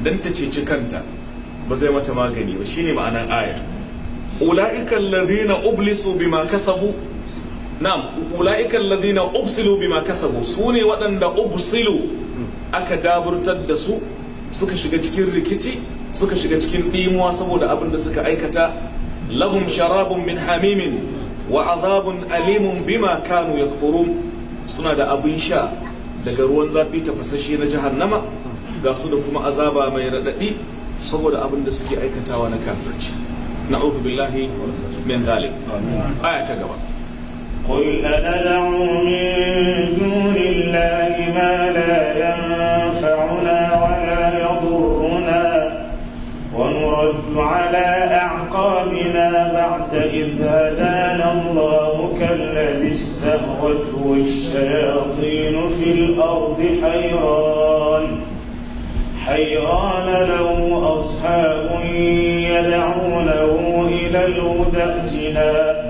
dan ta ceci kanta ba zai mata magani ba shine ma'anar aya ulaika alladhina ublisu bima kasabu na'am ula'ika alladhina ubsilu bima kasabu sune waɗanda ubsilu aka daburtar da su suka shiga cikin rikici suka shiga cikin ɗimuwa saboda abin da suka aikata labun sharabun min hamimin wa azabun alimun bima kanu yakfurun suna da abin sha daga ruwan zafi tafasasshe na jahannama ga su da kuma azaba mai raɗaɗi saboda abin da suke aikatawa na kafirci na'udhu billahi min zalim ta gaba قل من دون الله ما لا ينفعنا ولا يضرنا ونرد على أعقابنا بعد إذ هدانا الله كالذي استهوته الشياطين في الأرض حيران حيران له أصحاب يدعونه إلى الهدى ائتنا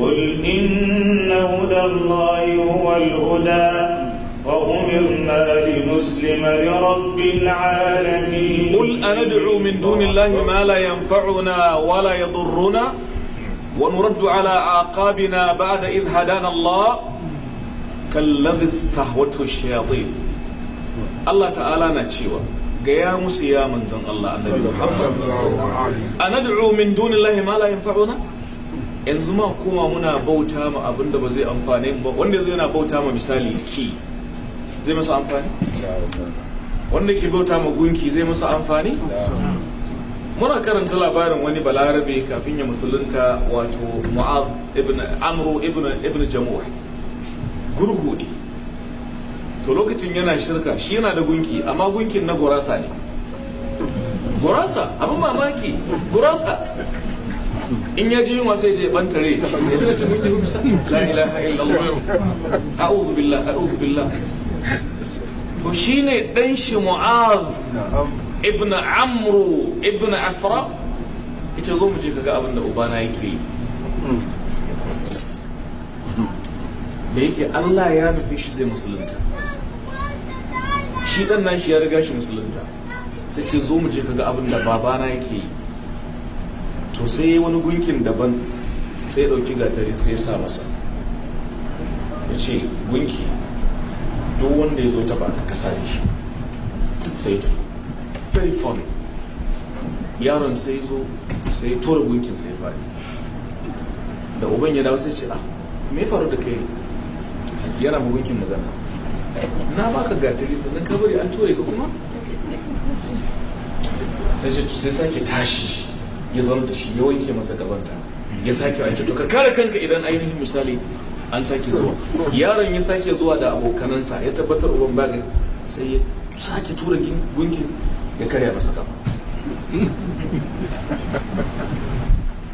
قل إن هدى الله هو الهدى وأمرنا لنسلم لرب العالمين قل أندعو من دون الله ما لا ينفعنا ولا يضرنا ونرد على أعقابنا بعد إذ هدانا الله كالذي استهوته الشياطين الله تعالى نتشيوه gaya musu ya manzon Allah أن ندعو من دون الله ما لا ينفعنا yanzu ma kuma muna bauta ma abin da ba zai amfane ba wanda yanzu yana bauta ma misali ki zai masa amfani wanda ke bauta ma gunki zai masa amfani muna karanta labarin wani balarabe kafin ya musulunta wato mu'ab ibn amru ibn ibn gurgu ne to lokacin yana shirka shi yana da gunki amma gunkin na gurasa ne gurasa abin mamaki gurasa in ya ji yunwa sai je bantare ya ce muke bisa la ilaha illallah a'udhu billah a'udhu billah to shine dan shi mu'az ibn amru ibn afra yace zo mu je kaga abin da ubana yake yi da yake Allah ya nufi shi zai musulunta shi dan shi ya riga shi musulunta sai ce zo mu je kaga abin da babana yake yi to sai wani gunkin daban sai ɗauki gatari sai ya sa masa ya ce gunki duk wanda ya zo ta baka kasa ne shi sai ta very funny yaron sai zo sai ya tura gunkin sai fari da uban ya dawo sai ce ah me faru da kai haki yana ma gunkin magana na baka gatari sannan kabari an tura ka kuma sai ce to sai sake tashi ya zama da shi ya wanke masa gabanta ya sake wa to ka kare kanka idan ainihin misali an sake zuwa yaron ya sake zuwa da abokanansa ya tabbatar uban baga sai ya sake tura gunkin ya karya masa kafa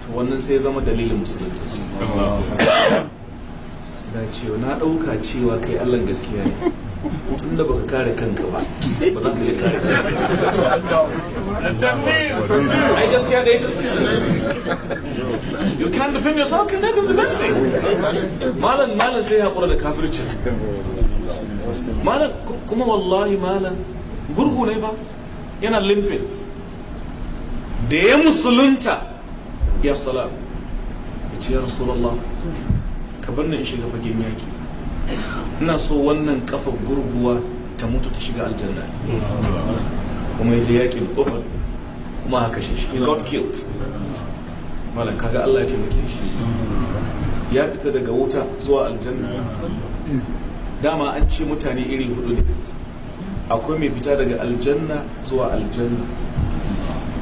to wannan sai ya zama dalilin musulunta na cewa na ɗauka cewa kai allah gaskiya ne inda ka kare kanka ba ba za ka iya kare kanka ba. ai gaskiya da yake you can't defend yourself can never defend me malam malam sai hakura da kafirci malam kuma wallahi malam gurgu ne ba yana limpin da ya musulunta ya salam ya ce ya rasulallah ka bar ni in shiga fagen yaki ina so wannan kafa gurguwa ta mutu ta shiga aljanna kuma ya je yakin uhud kuma haka shi he got killed malam kaga Allah ya taimake shi ya fita daga wuta zuwa aljanna dama an ce mutane iri hudu ne akwai mai fita daga aljanna zuwa aljanna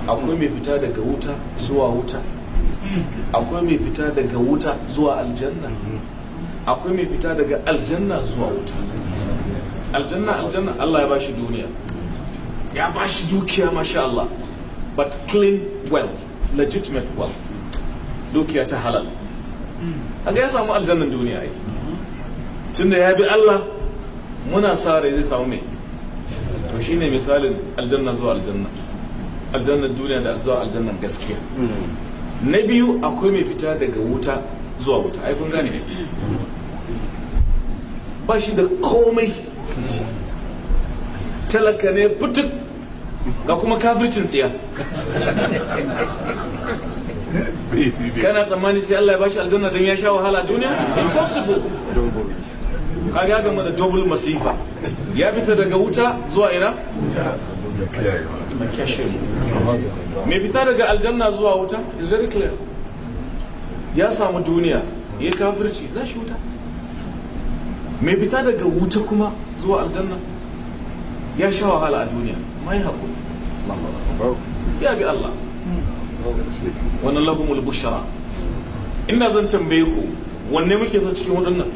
akwai mai fita daga wuta zuwa wuta akwai mai fita daga wuta zuwa aljanna akwai mai fita daga aljanna zuwa wuta aljanna aljanna Allah ya bashi duniya ya bashi dukiya masha Allah but clean wealth legitimate wealth dukiya ta halal aga ya samu aljannan duniya ai tunda ya bi Allah muna sare zai samu mai to shine misalin aljanna zuwa aljanna aljanna duniya da zuwa aljannar gaskiya hmm. na biyu akwai mai fita daga wuta zuwa wuta ai kun gane ne. ba shi da komai talaka ne fituk ga kuma kafircin tsiya kana tsammani sai Allah ya bashi aljanna don ya sha wahala duniya impossible ka ga gama da double masifa ya fita daga wuta zuwa ina me fita daga aljanna zuwa wuta is very clear ya samu duniya ya kafirci za shi wuta mai fita daga wuta kuma zuwa aljanna ya sha wahala a duniya mai haƙo ya bi Allah wannan lahumul bushara ina zan tambaye ku wanne muke so cikin waɗannan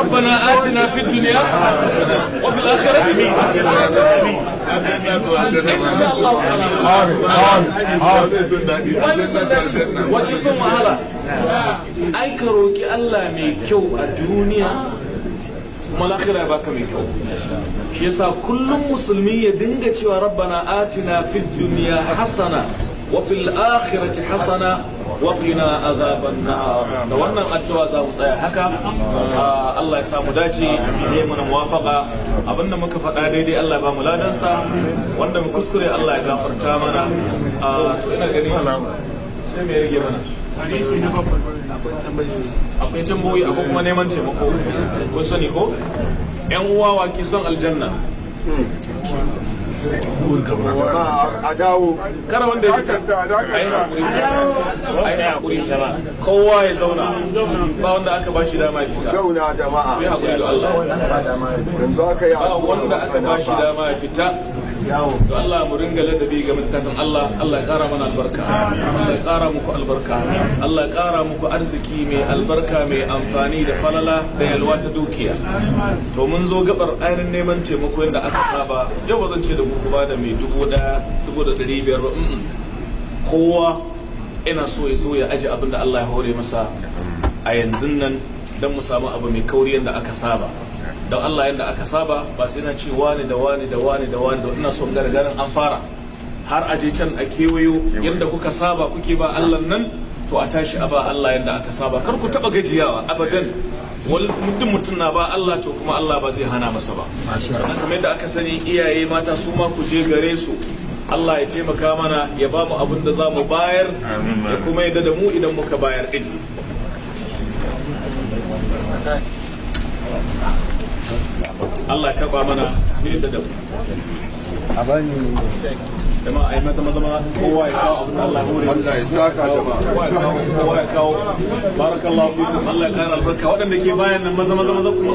ربنا آتنا في الدنيا وفي الآخرة إن شاء الله تعالى وجسم على أي كروكي الله ميكو الدنيا kuma lahira ya baka mai kyau shi yasa kullum musulmi ya dinga cewa rabbana atina fid dunya hasana wa fil akhirati hasana wa qina azaban nar da wannan addu'a za mu tsaya haka ah, Allah ya samu dace ya mana muwafaqa abinda muka faɗa daidai Allah ya ba mu ladan sa wanda mu kuskure Allah ya gafarta mana ah, to ina gani sai me rage mana akwai tambayoyi akwai kuma neman taimako kun sani ko yan uwa wa ke son aljanna a dawo kada wanda ya fita a yi hakuri kowa ya zauna ba wanda aka ba shi dama ya fita zauna jama'a ya hakuri da Allah yanzu aka yi ba wanda aka ba shi dama ya fita to Allah mu ringa ladabi ga littafin Allah Allah ya kara mana albarka Allah ya kara muku albarka Allah ya kara muku arziki mai albarka mai amfani da falala da yalwa ta dukiya to mun zo gabar ainihin neman taimako yadda aka saba yau ba zan ce da ku ba da mai dubu da dubu da dari biyar ba kowa ina so ya zo ya aji abin da Allah ya hore masa a yanzu nan don mu samu abu mai kauri yadda aka saba da Allah yadda aka saba ba sai na ce wani da wani da wani da wani da ina son gargarin an fara har aje can a kewayo yadda kuka saba kuke ba Allah nan to a tashi a ba Allah yadda aka saba kar ku taba gajiyawa abadan wal mutum mutum na ba Allah to kuma Allah ba zai hana masa ba sannan kamar yadda aka sani iyaye mata su ma ku je gare su Allah ya taimaka mana ya ba mu abin da za mu bayar ya kuma yadda da mu idan muka bayar ɗin. Allah ya karba mana irin da dabu a bani jama'a maza maza kowa ya kawo abin Allah Allah ya saka jama'a kowa ya kawo barakallahu Allah ya kara albarka waɗanda ke bayan nan maza maza maza kuma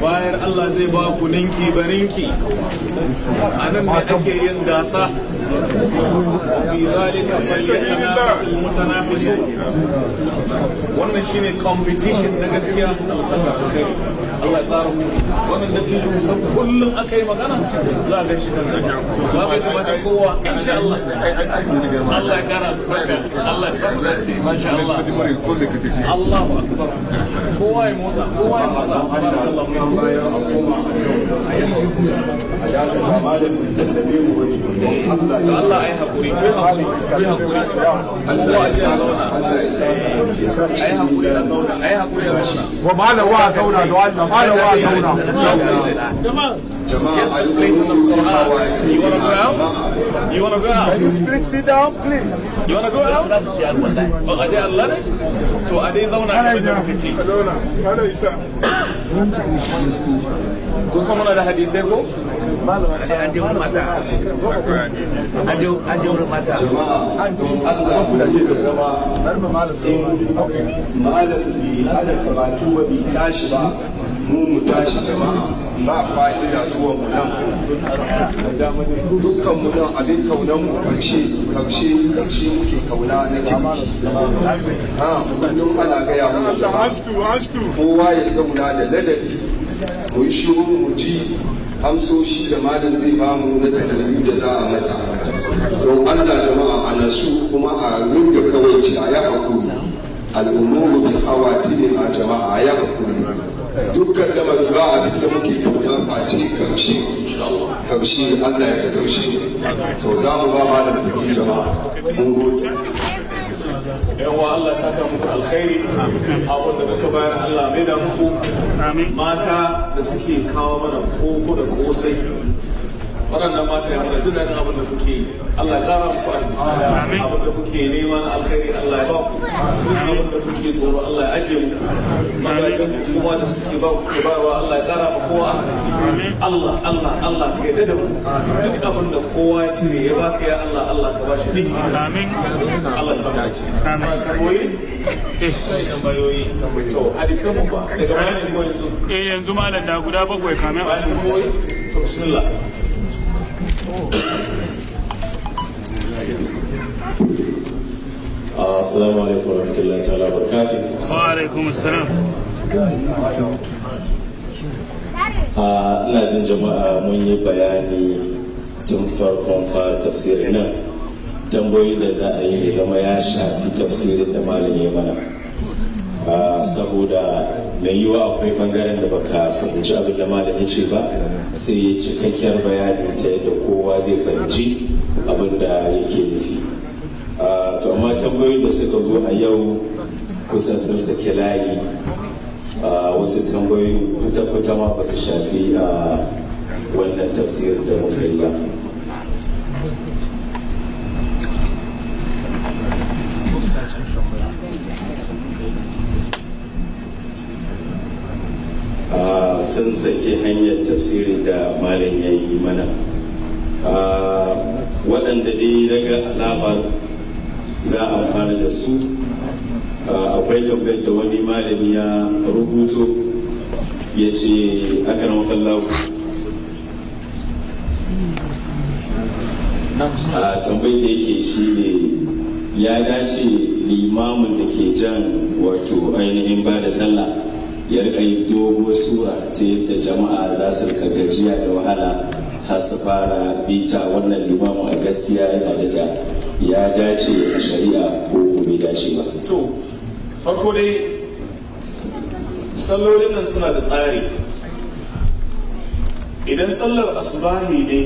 bayar Allah zai ba ku ninki barinki a nan ne ake yin gasa wannan shine competition na gaskiya Allah ya tsara mu wannan da aka magana za a gaishe kan zanya za ka kuma ta kowa insha Allah Allah ya kara Allah ya samu dace masha Allah Allahu akbar kowa ya motsa kowa ya motsa barakallahu to Allah ya hakuri ku hakuri hakuri Allah ya zauna Allah ya zauna ai hakuri ya zauna ai hakuri ya zauna wa mala wa zauna da wannan Quite a lot on. Jamal. Jamal. in the You want to go out? You want to go out? Please sit down, please. You want to go out? Ada Allah ne? To a dai zauna ka da lokaci. Ana isa. Kun san muna da hadisai ko? Adewar mata. Adewar mata. Allah kula shi da zama har ma malam sai. Malam bi adar kamatu ba bi tashi ba mu mu tashi jama'a ba fa'ida zuwa mu nan dukkan mu nan abin kaunan mu karshe karshe karshe muke kauna na ha kullum ana gaya mu kowa ya zauna da ladabi mu shi shiru mu ji amsoshi da malam zai ba mu na takardu da za a masa don allah jama'a a nasu kuma a rubuta kawai ci a ya hakuri al'umuru bi ne a jama'a a ya hakuri dukkan lamari ba abin da muke nuna face kamshi kamshi Allah ya ka taushe to za mu ba malam tafi jama'a mun gode yan Allah saka muku alkhairi abin da muka bayar Allah mai da muku mata da suke kawo mana koko da kosai waɗannan mata ya jin daɗin abin da kuke yi Allah ya ƙara muku arziki abin da kuke nema na alkhairi Allah ya ba ku duk abin da kuke tsoro Allah ya aje mu mazajen kuma da suke ba ku ke bayarwa Allah ya ƙara ma kowa arziki Allah Allah Allah ka yarda da mu duk abin da kowa ya cire ya ka ya Allah Allah ka bashi ɗin Allah ya samu aji eh. to mu ba daga yanzu eh yanzu malam da guda bakwai kamin a su to bismillah assalamu alaikum warahmatullahi ta'ala barakatuh wa alaikum assalam ah, ina jin jama'a mun yi bayani tun farkon fara tafsirin nan tambayoyin da za a yi zama ya shafi tafsirin da malam ya mana ah, saboda mai yiwa akwai bangaren da baka fahimci abin da malam ya ce ba sai cikakkiyar bayani ta yadda kowa zai fahimci abin da yake nufi to amma tambayoyin da suka zo a yau kusan sun sake layi wasu tambayoyin kwata-kwata ma ba su shafi a wannan tafsir da muka yi ba sun sake hanyar tafsiri da malam ya yi mana waɗanda dai daga alamar za a amfana da su akwai tambayar da wani malami ya rubuto ya ce aka na matallahu a tambayar da yake shi ne ya dace limamin da ke jan wato ainihin ba da sallah ya rika yi dogo sura ta yadda jama'a za su rika gajiya da wahala har su fara bita wannan limamin a gaskiya yana da ya dace a shari'a ko bai dace ba to farko dai sallolin nan suna da tsari idan sallar asubahi ne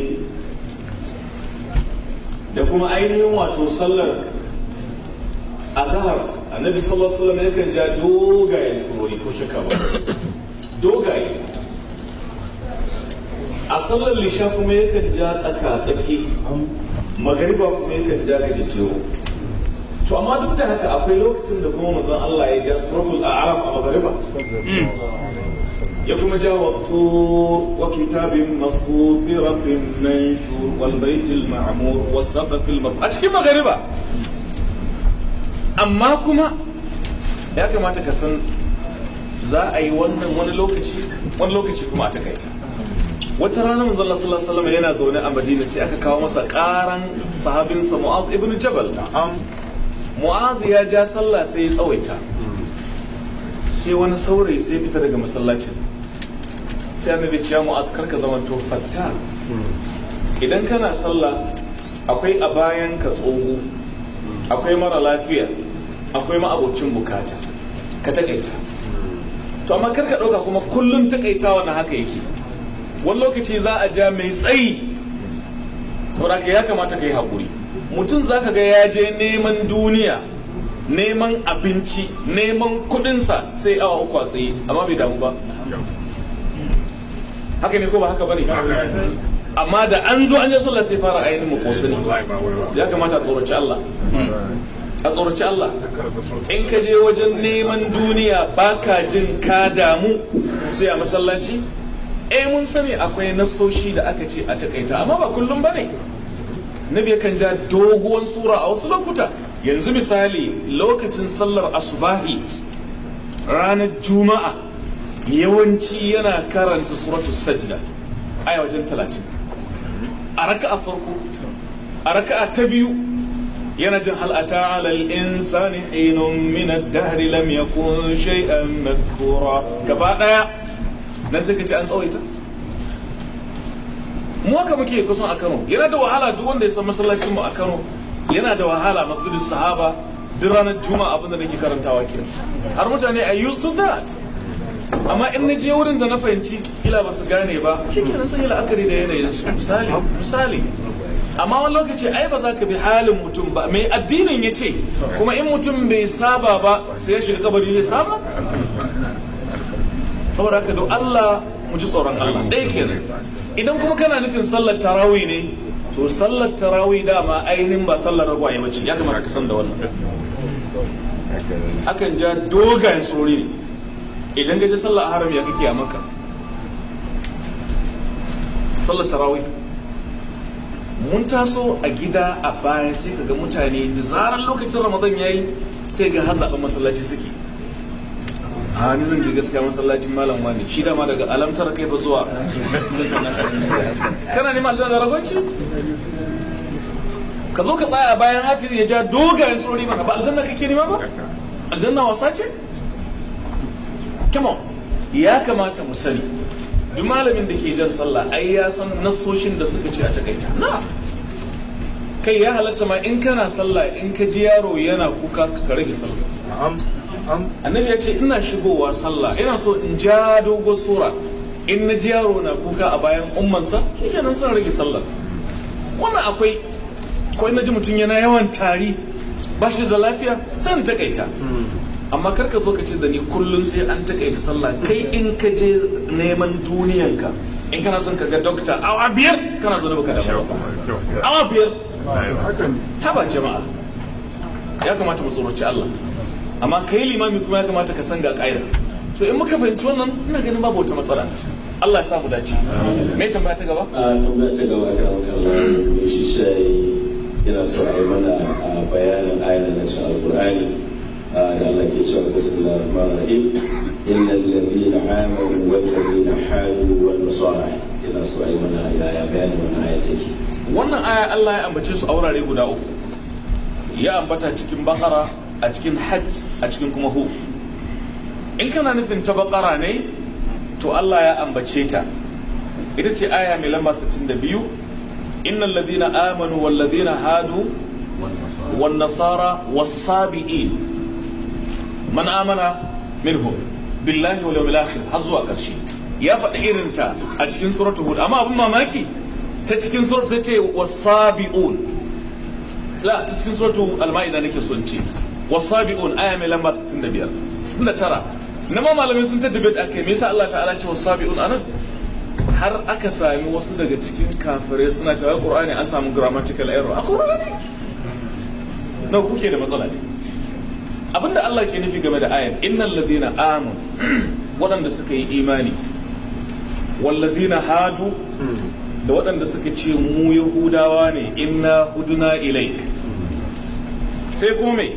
da kuma ainihin wato sallar azhar annabi sallallahu alaihi wasallam yakan ja dogaye surori ko shaka ba dogaye a sallar lishafi kuma yakan ja tsaka tsaki magariba kuma yakan ja ka ciwo to amma duk da haka akwai lokacin da kuma manzon Allah ya ja suratul a'raf a magariba ya kuma ja waqtu wa kitabin masqut fi rabbin manshur wal baitil ma'mur was saqfil marfun a cikin magariba amma kuma ya kamata ka san za a yi wannan wani lokaci wani lokaci kuma a takaita wata rana manzon Allah sallallahu yana zaune a Madina sai aka kawo masa karan sahabinsa Mu'adh ibn Jabal Mu'adh ya ja sallah sai ya tsawaita sai wani saurayi sai fita daga masallacin sai annabi ya Mu'adh karka zama to fatta idan kana sallah akwai a bayan ka tsohu akwai mara lafiya akwai ma'abocin bukata ka takaita to amma karka ɗauka kuma kullum takaitawa na haka yake wani lokaci za a ja mai tsayi saboda ya kamata ka yi haƙuri mutum za ka ga ya je neman duniya neman abinci neman kudinsa sai awa uku a tsaye amma bai damu ba haka ne ko ba haka ba ne amma da an zo an yi sallah sai fara ainihin makosu ne ya kamata a tsoraci Allah a tsoroci Allah in ka je wajen neman duniya ka jin ka damu sai a masallaci eh mun sani akwai nasoshi da aka ce a takaita amma ba kullum bane nabi kan ja doguwan sura a wasu lokuta yanzu misali lokacin sallar asubahi ranar juma'a yawanci yana karanta suratu sajda aya wajen talatin a raka'a farko a raka'a ta biyu yana jin hal'ata al insani hinun min ad-dahr lam yakun shay'an gaba daya dan sai ka ce an tsawaita mu haka muke kusan a Kano yana da wahala duk wanda ya san masallacin mu a Kano yana da wahala masjidin sahaba duk ranar juma'a abin da nake karantawa kenan har mutane i used to that amma in na je wurin da na fahimci kila ba su gane ba shikenan sai la'akari da yanayin su misali misali amma wani lokaci ai ba za ka bi halin mutum ba mai addinin ya ce kuma in mutum bai saba ba sai ya shiga kabari zai saba saboda haka don Allah mu ji tsoron Allah ɗaya kenan idan kuma kana nufin sallar tarawih ne to sallar tarawih dama ainihin ba sallar rabu ayi ya kamata ka san da wannan akan ja dogayen tsori ne idan gaji sallar haram ya kake a maka sallar tarawih mun taso a gida a baya sai ga mutane da zarar lokacin ramadan yi sai ga hazaɓa masallaci suke a hannun zan gaskiya masallacin malam wani shi dama daga alamtar kai fa zuwa kana neman aljanna da ragonci ka zo ka tsaya bayan hafiz ya ja dogayen tsori mana ba aljanna kake nema ba aljanna wasa ce come ya kamata mu sani duk malamin da ke jan sallah ai ya san nasoshin da suka ce a takaita na kai ya halatta ma in kana sallah in ka ji yaro yana kuka ka rage sallah annabi ya ce ina shigowa sallah ina so in ja dogo sura in na ji yaro na kuka a bayan ummansa shi kenan sun rage sallah wannan akwai ko na ji mutum yana yawan tari ba shi da lafiya sai in takaita amma kar ka zo ka ce da ni kullum sai an takaita sallah kai in ka je neman duniyanka in kana son ka ga dokta awa biyar kana zo da baka da awa biyar haba jama'a ya kamata mu tsoroci Allah amma ka yi limami kuma ya kamata ka san ga ƙa'ida so in muka fahimci wannan ina ganin babu wata matsala Allah ya samu dace me tambaya ta gaba a tambaya ta gaba ka kallon Allah shi shi yana so a yi mana bayanin ayanin na cikin alƙur'ani da Allah ke cewa bismillah ar-rahman ar-rahim innal ladina amanu wal ladina hadu wan nasara yana so a yi mana yaya bayanin wannan ayati wannan aya Allah ya ambace su a wurare guda uku ya ambata cikin bakara a cikin hajj a cikin kuma hu in kana nufin ta bakara ne to Allah ya ambace ta ita ce aya mai lamba 62 innal ladina amanu wal ladina hadu wan nasara was sabiin man amana minhu billahi wal yawmil akhir har zuwa karshe ya faɗi irin ta a cikin suratul hud amma abin mamaki ta cikin suratul sai ce was sabiun la ta cikin suratul al-maida nake son ce wasabi'un aya mai lamba 65 69 na ma malamai sun ta debate akai me yasa Allah ta'ala ce wasabi'un anan har aka sami wasu daga cikin kafirai suna ta wai qur'ani an samu grammatical error a qur'ani na kuke da matsala ne abinda Allah ke nufi game da ayan innal ladina amanu waɗanda suka yi imani wallazina hadu da waɗanda suka ce mu yahudawa ne inna huduna ilaik sai kuma mai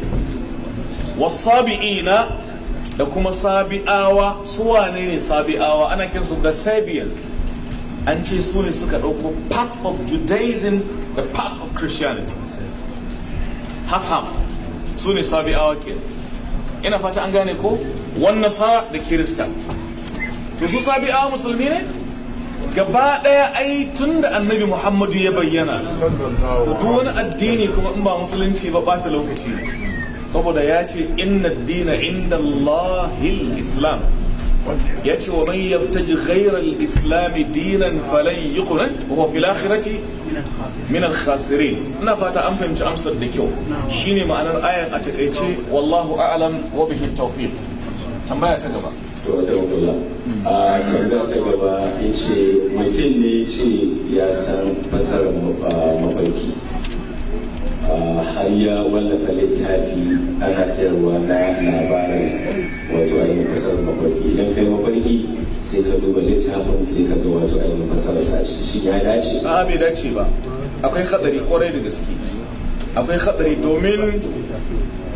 wasabi'ina da kuma sabi'awa su wane ne sabi'awa ana kinsu da sabians an ce su ne suka ɗauko part of judaism da part of christianity half half su ne sabi'awa ke ina fata an gane ko wannan sa da kirista to su sabi'awa musulmi ne gaba ɗaya ai tun da annabi muhammadu ya bayyana duk wani addini kuma in ba musulunci ba ta lokaci saboda ya ce inna dina inda Allahil islam ya ce wa man ji ghairar islami dinan falai yi kunan wa fil minan khasirin ina fata an fahimci amsar da kyau shine ma'anar ayan a takaice wallahu a'lam wa bihi tawfiq tambaya ta gaba to da wala a tambaya ta gaba ce mutum ne shi ya san fasarar mafarki har ya wallafa littafi ana sayarwa na labarin wato ainihin fasar mafarki idan kai mafarki sai ka duba littafin sai ka ga wato ainihin fasar sashi shi ya dace ba bai dace ba akwai hadari kwarai da gaske akwai hadari domin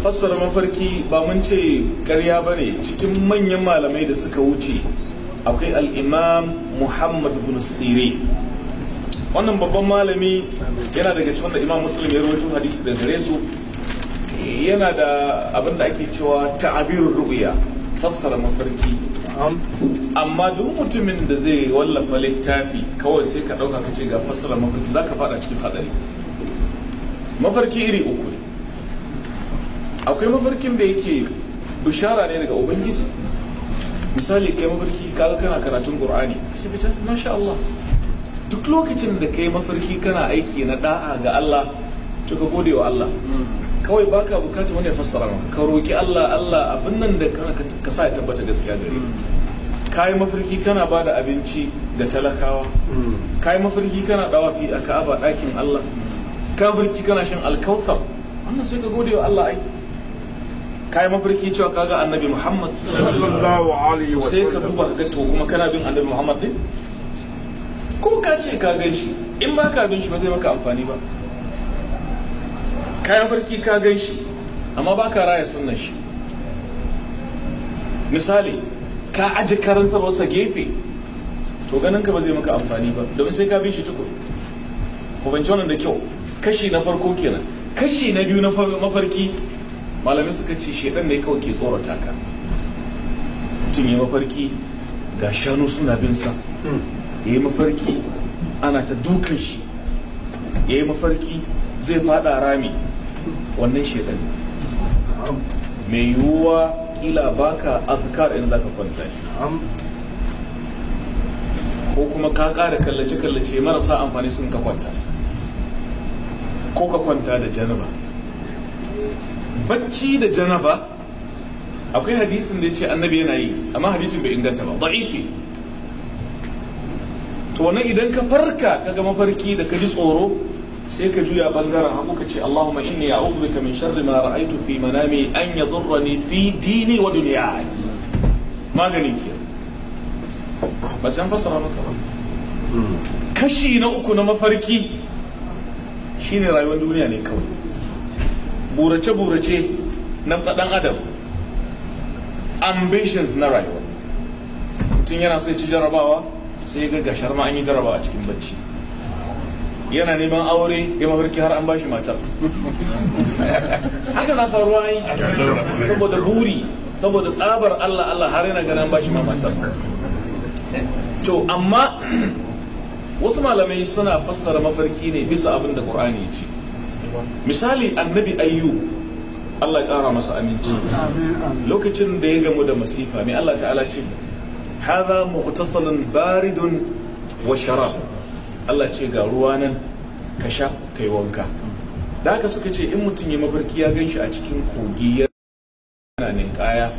fassara mafarki ba mun ce karya ba ne cikin manyan malamai da suka wuce akwai al'imam muhammad bin sirin wannan babban malami yana daga cikin da imam muslim ya rawaito hadisi da gare su yana da abin da ake cewa ta'abirur ru'ya fassara mafarki amma duk mutumin da zai wallafa littafi kawai sai ka dauka kace ga fassara mafarki zaka fada cikin hadari mafarki iri uku ne akwai mafarkin da yake bishara ne daga ubangiji misali kai mafarki kaga kana karatun qur'ani sai fita masha Allah duk lokacin da kai mafarki kana aiki na da'a ga Allah to ka gode wa Allah kawai baka bukata wani ya fassara maka ka roki Allah Allah abin nan da ka sa ya tabbata gaskiya gare kayi mafarki kana ba da abinci ga talakawa kayi mafarki kana dawafi a ka'aba ɗakin Allah ka mafarki kana shan alkautar wannan sai ka gode wa Allah ai kayi mafarki cewa ga annabi Muhammad sallallahu alaihi wa sallam. sai ka duba ka ga to kuma kana bin annabi Muhammad din ko ka ce ka gan shi in ma ka gan shi ba zai maka amfani ba kayan farki ka gan shi amma ba ka raya sunan shi misali ka aji karanta wasa gefe to ganin ka ba zai maka amfani ba domin sai ka bin shi tukur kubanci wannan da kyau kashi na farko kenan kashi na biyu na mafarki malamai suka ce shedan ne kawai ke tsorata ka mutum ya mafarki ga shanu suna bin sa hmm. ya yi mafarki ana ta dukan shi ya yi mafarki zai fada rami wannan shedan mai yiwuwa kila baka azkar in zaka kwanta ko kuma ka kara kallace-kallace marasa amfani sun ka kwanta ko ka kwanta da janaba bacci da janaba akwai hadisin da ya ce annabi yana yi amma hadisin bai inganta ba da'ifi to wannan idan ka farka ka ga mafarki da ka ji tsoro sai ka juya bangaren hagu ka ce Allahumma inni a'udhu bika min sharri ma ra'aytu fi manami an yadurrani fi dini wa dunyaya maganin ki ba san fassara maka ba hmm. kashi na uku na mafarki shine rayuwar duniya ne kawai burace burace na dan adam ambitions na rayuwa mutum yana sai ci jarabawa sai ga gashar ma an yi jaraba a cikin bacci yana neman aure ya mafarki har an bashi matar haka na faruwa yi saboda buri saboda tsabar Allah Allah har yana ganin bashi matar to amma wasu malamai suna fassara mafarki ne bisa abin da Qur'ani ce misali annabi ayyu Allah ya masa aminci lokacin da ya gamu da masifa mai Allah ta'ala ce hadha mu'tasalun baridun wa sharaf. Allah ce ga ruwa nan ka sha kai wanka da haka suka ce in mutum ya mafarki ya gan shi a cikin kogi yana ninkaya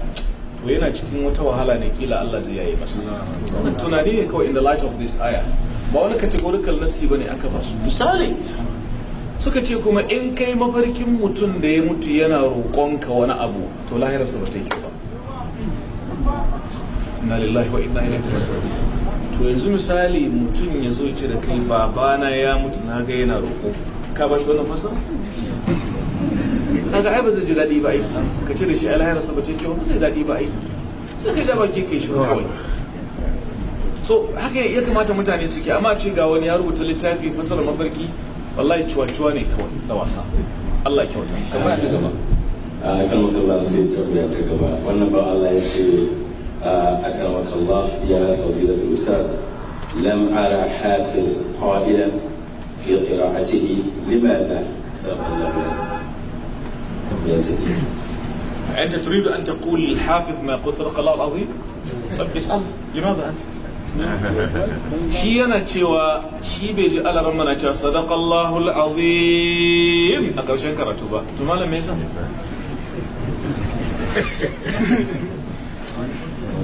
to yana cikin wata wahala ne kila Allah zai yayi masa wannan tunani ne kawai in the light of this aya ba wani categorical nasi bane aka ba su misali suka ce kuma in kai mafarkin mutum da ya mutu yana roƙonka wani abu to lahirarsa ba ta yi ba inna lillahi wa inna ilaihi raji'un to yanzu misali mutum ya zo ce da kai babana ya mutu na ga yana roƙo ka ba shi wannan fasa kaga ai ba zai ji daɗi ba ai ka ce da shi alhaira sa ba ce kyau ba zai daɗi ba ai sai kai da baki kai shi kawai so haka ya kamata mutane suke amma ce ga wani ya rubuta littafi fasar mafarki wallahi cuwa-cuwa ne kawai da wasa Allah kyauta kamar ta gaba a ah, kalmar Allah sai ta gaba wannan ba Allah ya ce آه، أكرمك الله يا فضيلة الأستاذ لم أرى حافظ قائلا في قراءته لماذا؟ سبحان الله يا سيدي أنت تريد أن تقول الحافظ ما يقول صدق الله العظيم؟ طيب اسأل لماذا أنت؟ شي أنا شي shi bai ji alaran صدق الله العظيم al'azim a ƙarshen karatu ba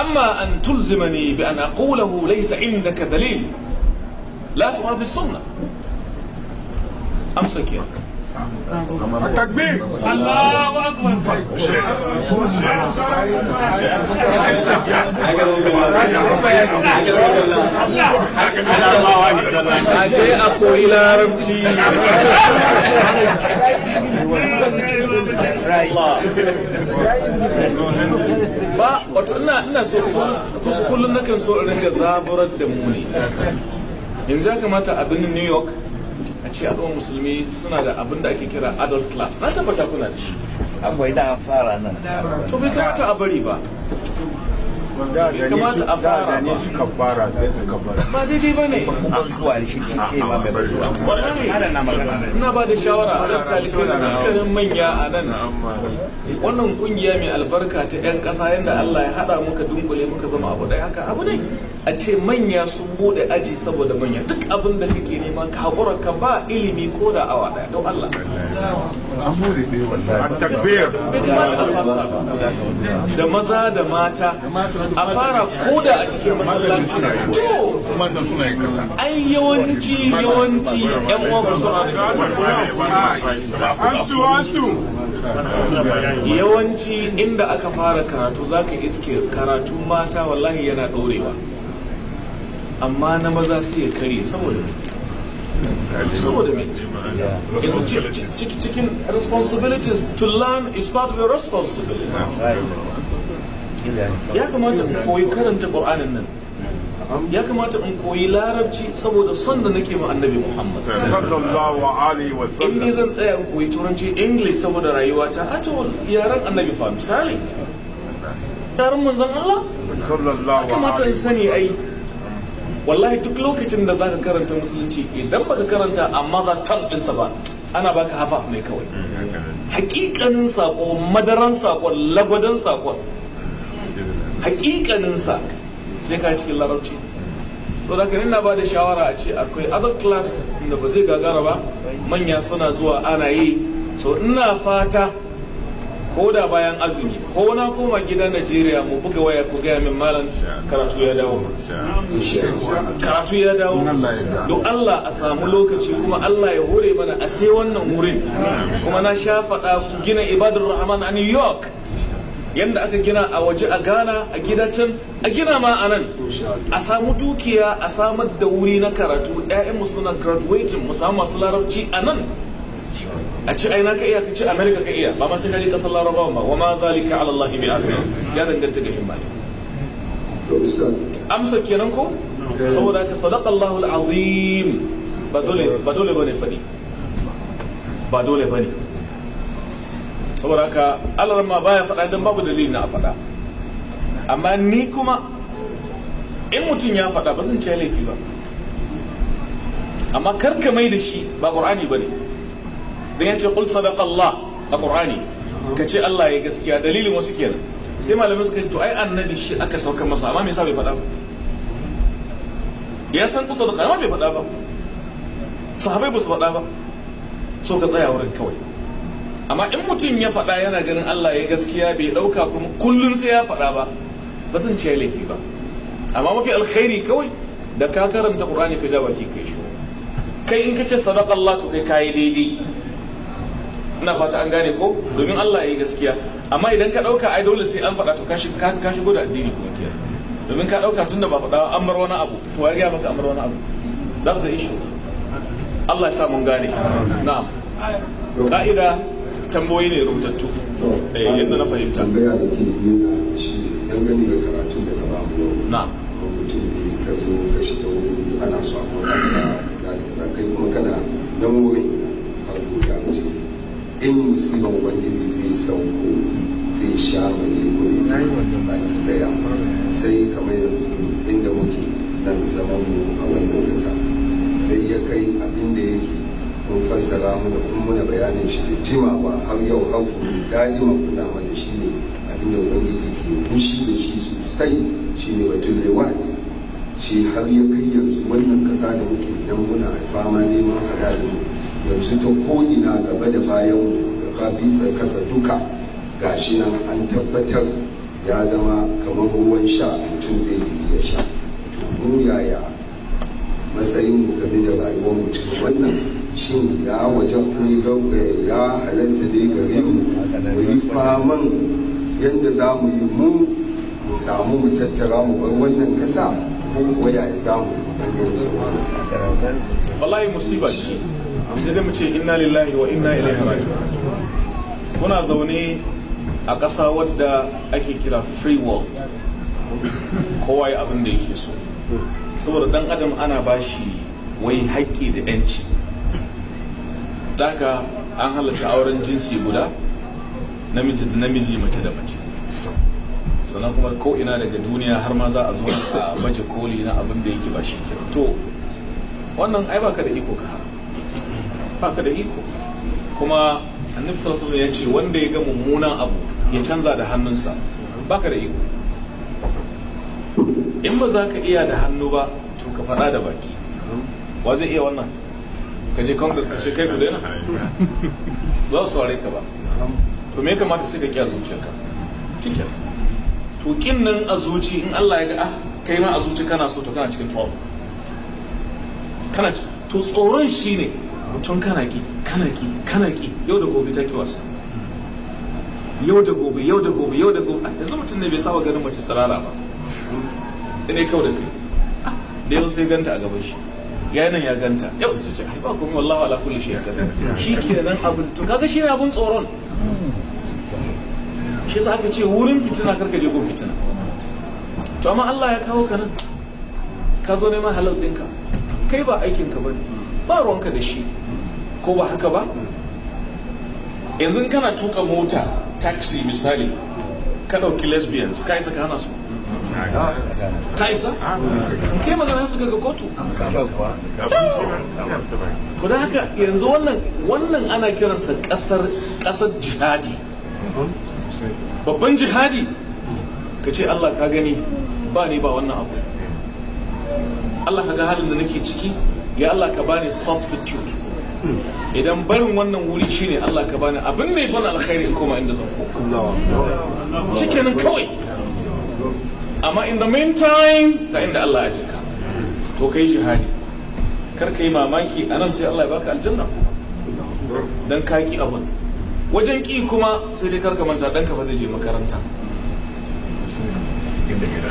أما أن تلزمني بأن أقوله ليس عندك دليل لا هو في السنة أمسك يا يعني. التكبير الله ba wato ina ina so kullum nakan so in ringa zaburar da mu yanzu ya kamata a birnin new york a ce al'ummar musulmi suna da abin da ake kira adult class na tabbata kuna da shi akwai da an fara nan to bai kamata a bari ba bai kamata a fara ba ka fara sai ka fara ba daidai ba ne a zuwa shi ci ke ma bai zuwa ina ba da shawara a rafta liban dukkanin manya a nan wannan kungiya mai albarka ta 'yan kasa yadda Allah ya haɗa muka dunkule muka zama abu ɗaya haka abu ne a ce manya sun bude aji saboda manya duk abin da kake nema ka hakura ka ba ilimi ko da awa daya, don Allah. Da maza da mata a fara koda a cikin masallaci. To, ai yawanci yawanci ‘yan uwan suna da Yawanci inda aka fara karatu zaka iske karatu mata wallahi yana ɗorewa. amma na maza sai ya kare saboda saboda me cikin responsibilities to learn is part of your responsibility ya kamata in koyi karanta ƙur'anin nan ya kamata in koyi larabci saboda son da nake ma annabi muhammad in zan tsaya in koyi turanci english saboda rayuwa ta hata yaren annabi fa misali yaren manzon allah ya kamata in sani ai wallahi duk lokacin da zaka karanta musulunci idan baka karanta a Maza tongue ɗinsa ba ana baka hafaf ne kawai mm, hakikanin sako madaran sako lagwadon sako hakikanin sa sai ka cikin larabci so da na ba da shawara a ce akwai other class da ba zai gagara ba manya suna zuwa ana yi so ina fata ko da bayan azumi ko na koma gidan Najeriya mu buga waya ku gaya min malam karatu ya dawo karatu ya dawo don Allah a samu lokaci kuma Allah ya hore mana a sai wannan wurin kuma na sha faɗa gina ibadar rahman a New York yadda aka gina a waje a Ghana a gida can a gina ma a nan a samu dukiya a samar da wuri na karatu 'ya'yan musu suna graduating musamman samu masu larabci a nan a ci aina ka iya ka ci america ka iya ba ma sai ka kasar larabawa ba wa ma zalika ala allah bi aziz ya danganta ga himma ne amsa kenan ko saboda ka sadaqa Allahu al ba dole ba dole bane fadi ba dole bane saboda ka alar ma baya fada dan babu dalili na fada amma ni kuma in mutum ya fada ba zan ce laifi ba amma karka mai da shi ba qur'ani bane dan kul qul Allah a qur'ani ka ce Allah ya gaskiya dalilin wasu kenan sai malamai suka ce to ai annabi shi aka sauka masa amma me yasa bai faɗa ba ya san kul sadaqa amma bai faɗa ba sahabai ba su faɗa ba so ka tsaya wurin kawai amma in mutum ya faɗa yana ganin Allah ya gaskiya bai ɗauka kuma kullun sai ya faɗa ba ba zan ce laifi ba amma mafi alkhairi kawai da ka karanta Qur'ani ka ja baki kai shi kai in ka ce sadaqallah to kai kai daidai ina fata an gane ko domin Allah ya yi gaskiya amma idan ka dauka ai dole sai an fada to ka ka shigo da addini kuma kiyar domin ka dauka tunda ba fada an bar wani abu to ai ga maka an bar wani abu that's the issue Allah ya sa mun gane na'am ka'ida tamboyi ne rubutattu eh yadda na fahimta tambaya da ke biyu na shi gani da karatu da ka ba mu na'am mutum ne ka zo ka shiga wuri ana so a kuma ka kai kuma kana nan wurin in musulman ubangiji zai sauko zai sha wani gure baki daya sai kamar yanzu inda muke nan zaman mu a wannan kasa sai ya kai abin da yake mun fassara mu da kun muna bayanin shi da jimawa har yau har gobe da'ima kula mana shi ne abin da ubangiji ke fushi da shi sosai shi ne batun lewat shi har ya kai yanzu wannan kasa da muke nan muna fama neman halalin mu yanzu ta ko'ina gaba da bayan da kafin kasa duka gashi nan an tabbatar ya zama kamar ruwan sha mutum zai yi ya sha tunu yaya matsayin mu da rayuwar mu cikin wannan shin ya waje kun ya halatta ne gare mu mu yi faman yadda za mu yi mu mu samu mu tattara mu bar wannan kasa ko kuwa yaya za mu yi wallahi musiba ce sai dai mu ce inna lillahi wa inna ilaihi raji'un kuna zaune a ƙasa wadda ake kira free world kowa ya abin da yake so saboda dan adam ana bashi wai haƙƙi da 'yanci daga an halatta auren jinsi guda namiji da namiji mace da mace sannan kuma ko'ina daga duniya har ma za a zo a baje koli na abin da yake ba shi to wannan ai baka da iko ka baka da iko kuma annabi sallallahu alaihi ya ce wanda ya ga mummunan abu ya canza da hannunsa baka da iko in ba za ka iya da hannu ba to ka faɗa da baki wa zai iya wannan ka je congress ka ce kai ku daina za su ware ka ba to me kamata sai ka kiya zuciyarka Kike. to kin nan a zuci in Allah ya ga ah kai ma a zuci kana so to kana cikin trouble kana to tsoron shine mutum kana ki kana ki kana ki yau da gobe take wasa yau da gobe yau da gobe yau da gobe ah, yanzu mutum ne bai saba ganin mace tsirara ba ne kawai da kai ah, da yau sai ganta a gaban shi nan ya ganta yau sai ce ai ba kuma wallahi ala kulli shay shi shikenan abin to kaga shi ne abin tsoron shi yasa aka ce wurin fitina karka je ko fitina to amma Allah ya kawo ka nan ka zo neman halal dinka kai ba aikinka ba ne ba ruwanka da shi ko ba haka ba yanzu kana tuka mota taxi misali ka ɗauki lesbians ka isa ka hana su ka isa kai magana su ga kotu ko da haka yanzu wannan wannan ana kiransa kasar kasar jihadi babban jihadi ka ce Allah ka gani ba ni ba wannan abu Allah ka ga halin da nake ciki ya Allah ka bani substitute idan barin wannan wuri shine Allah ka bani abin mai bani alkhairi in koma inda zan koma shikenan kawai amma in the meantime da inda Allah ya jika to kai jihadi kar ka yi mamaki a nan sai Allah ya baka aljanna dan ka ki abun wajen ki kuma sai dai kar ka manta dan ka ba zai je makaranta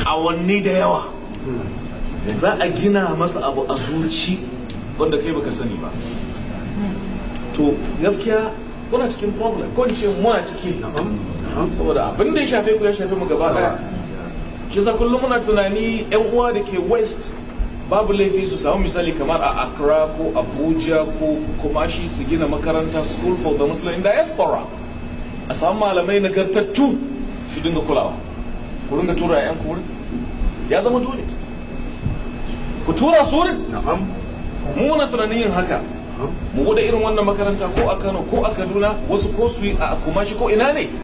awanni da yawa za a gina masa abu a zuci wanda kai baka sani ba to gaskiya kuna cikin problem ko ce muna ciki saboda abin da ya shafe ku ya shafe mu gaba daya shi sa kullum muna tunani yan uwa da ke west babu laifi su samu misali kamar a accra ko abuja ko kumashi su gina makaranta school for the muslim diaspora a samu malamai nagartattu su dinga kulawa ku dinga tura yan kuri ya zama dole ku tura su wurin mu muna tunanin yin haka mu bude irin wannan makaranta ko a Kano ko a Kaduna wasu ko su a Kumashi ko ina ne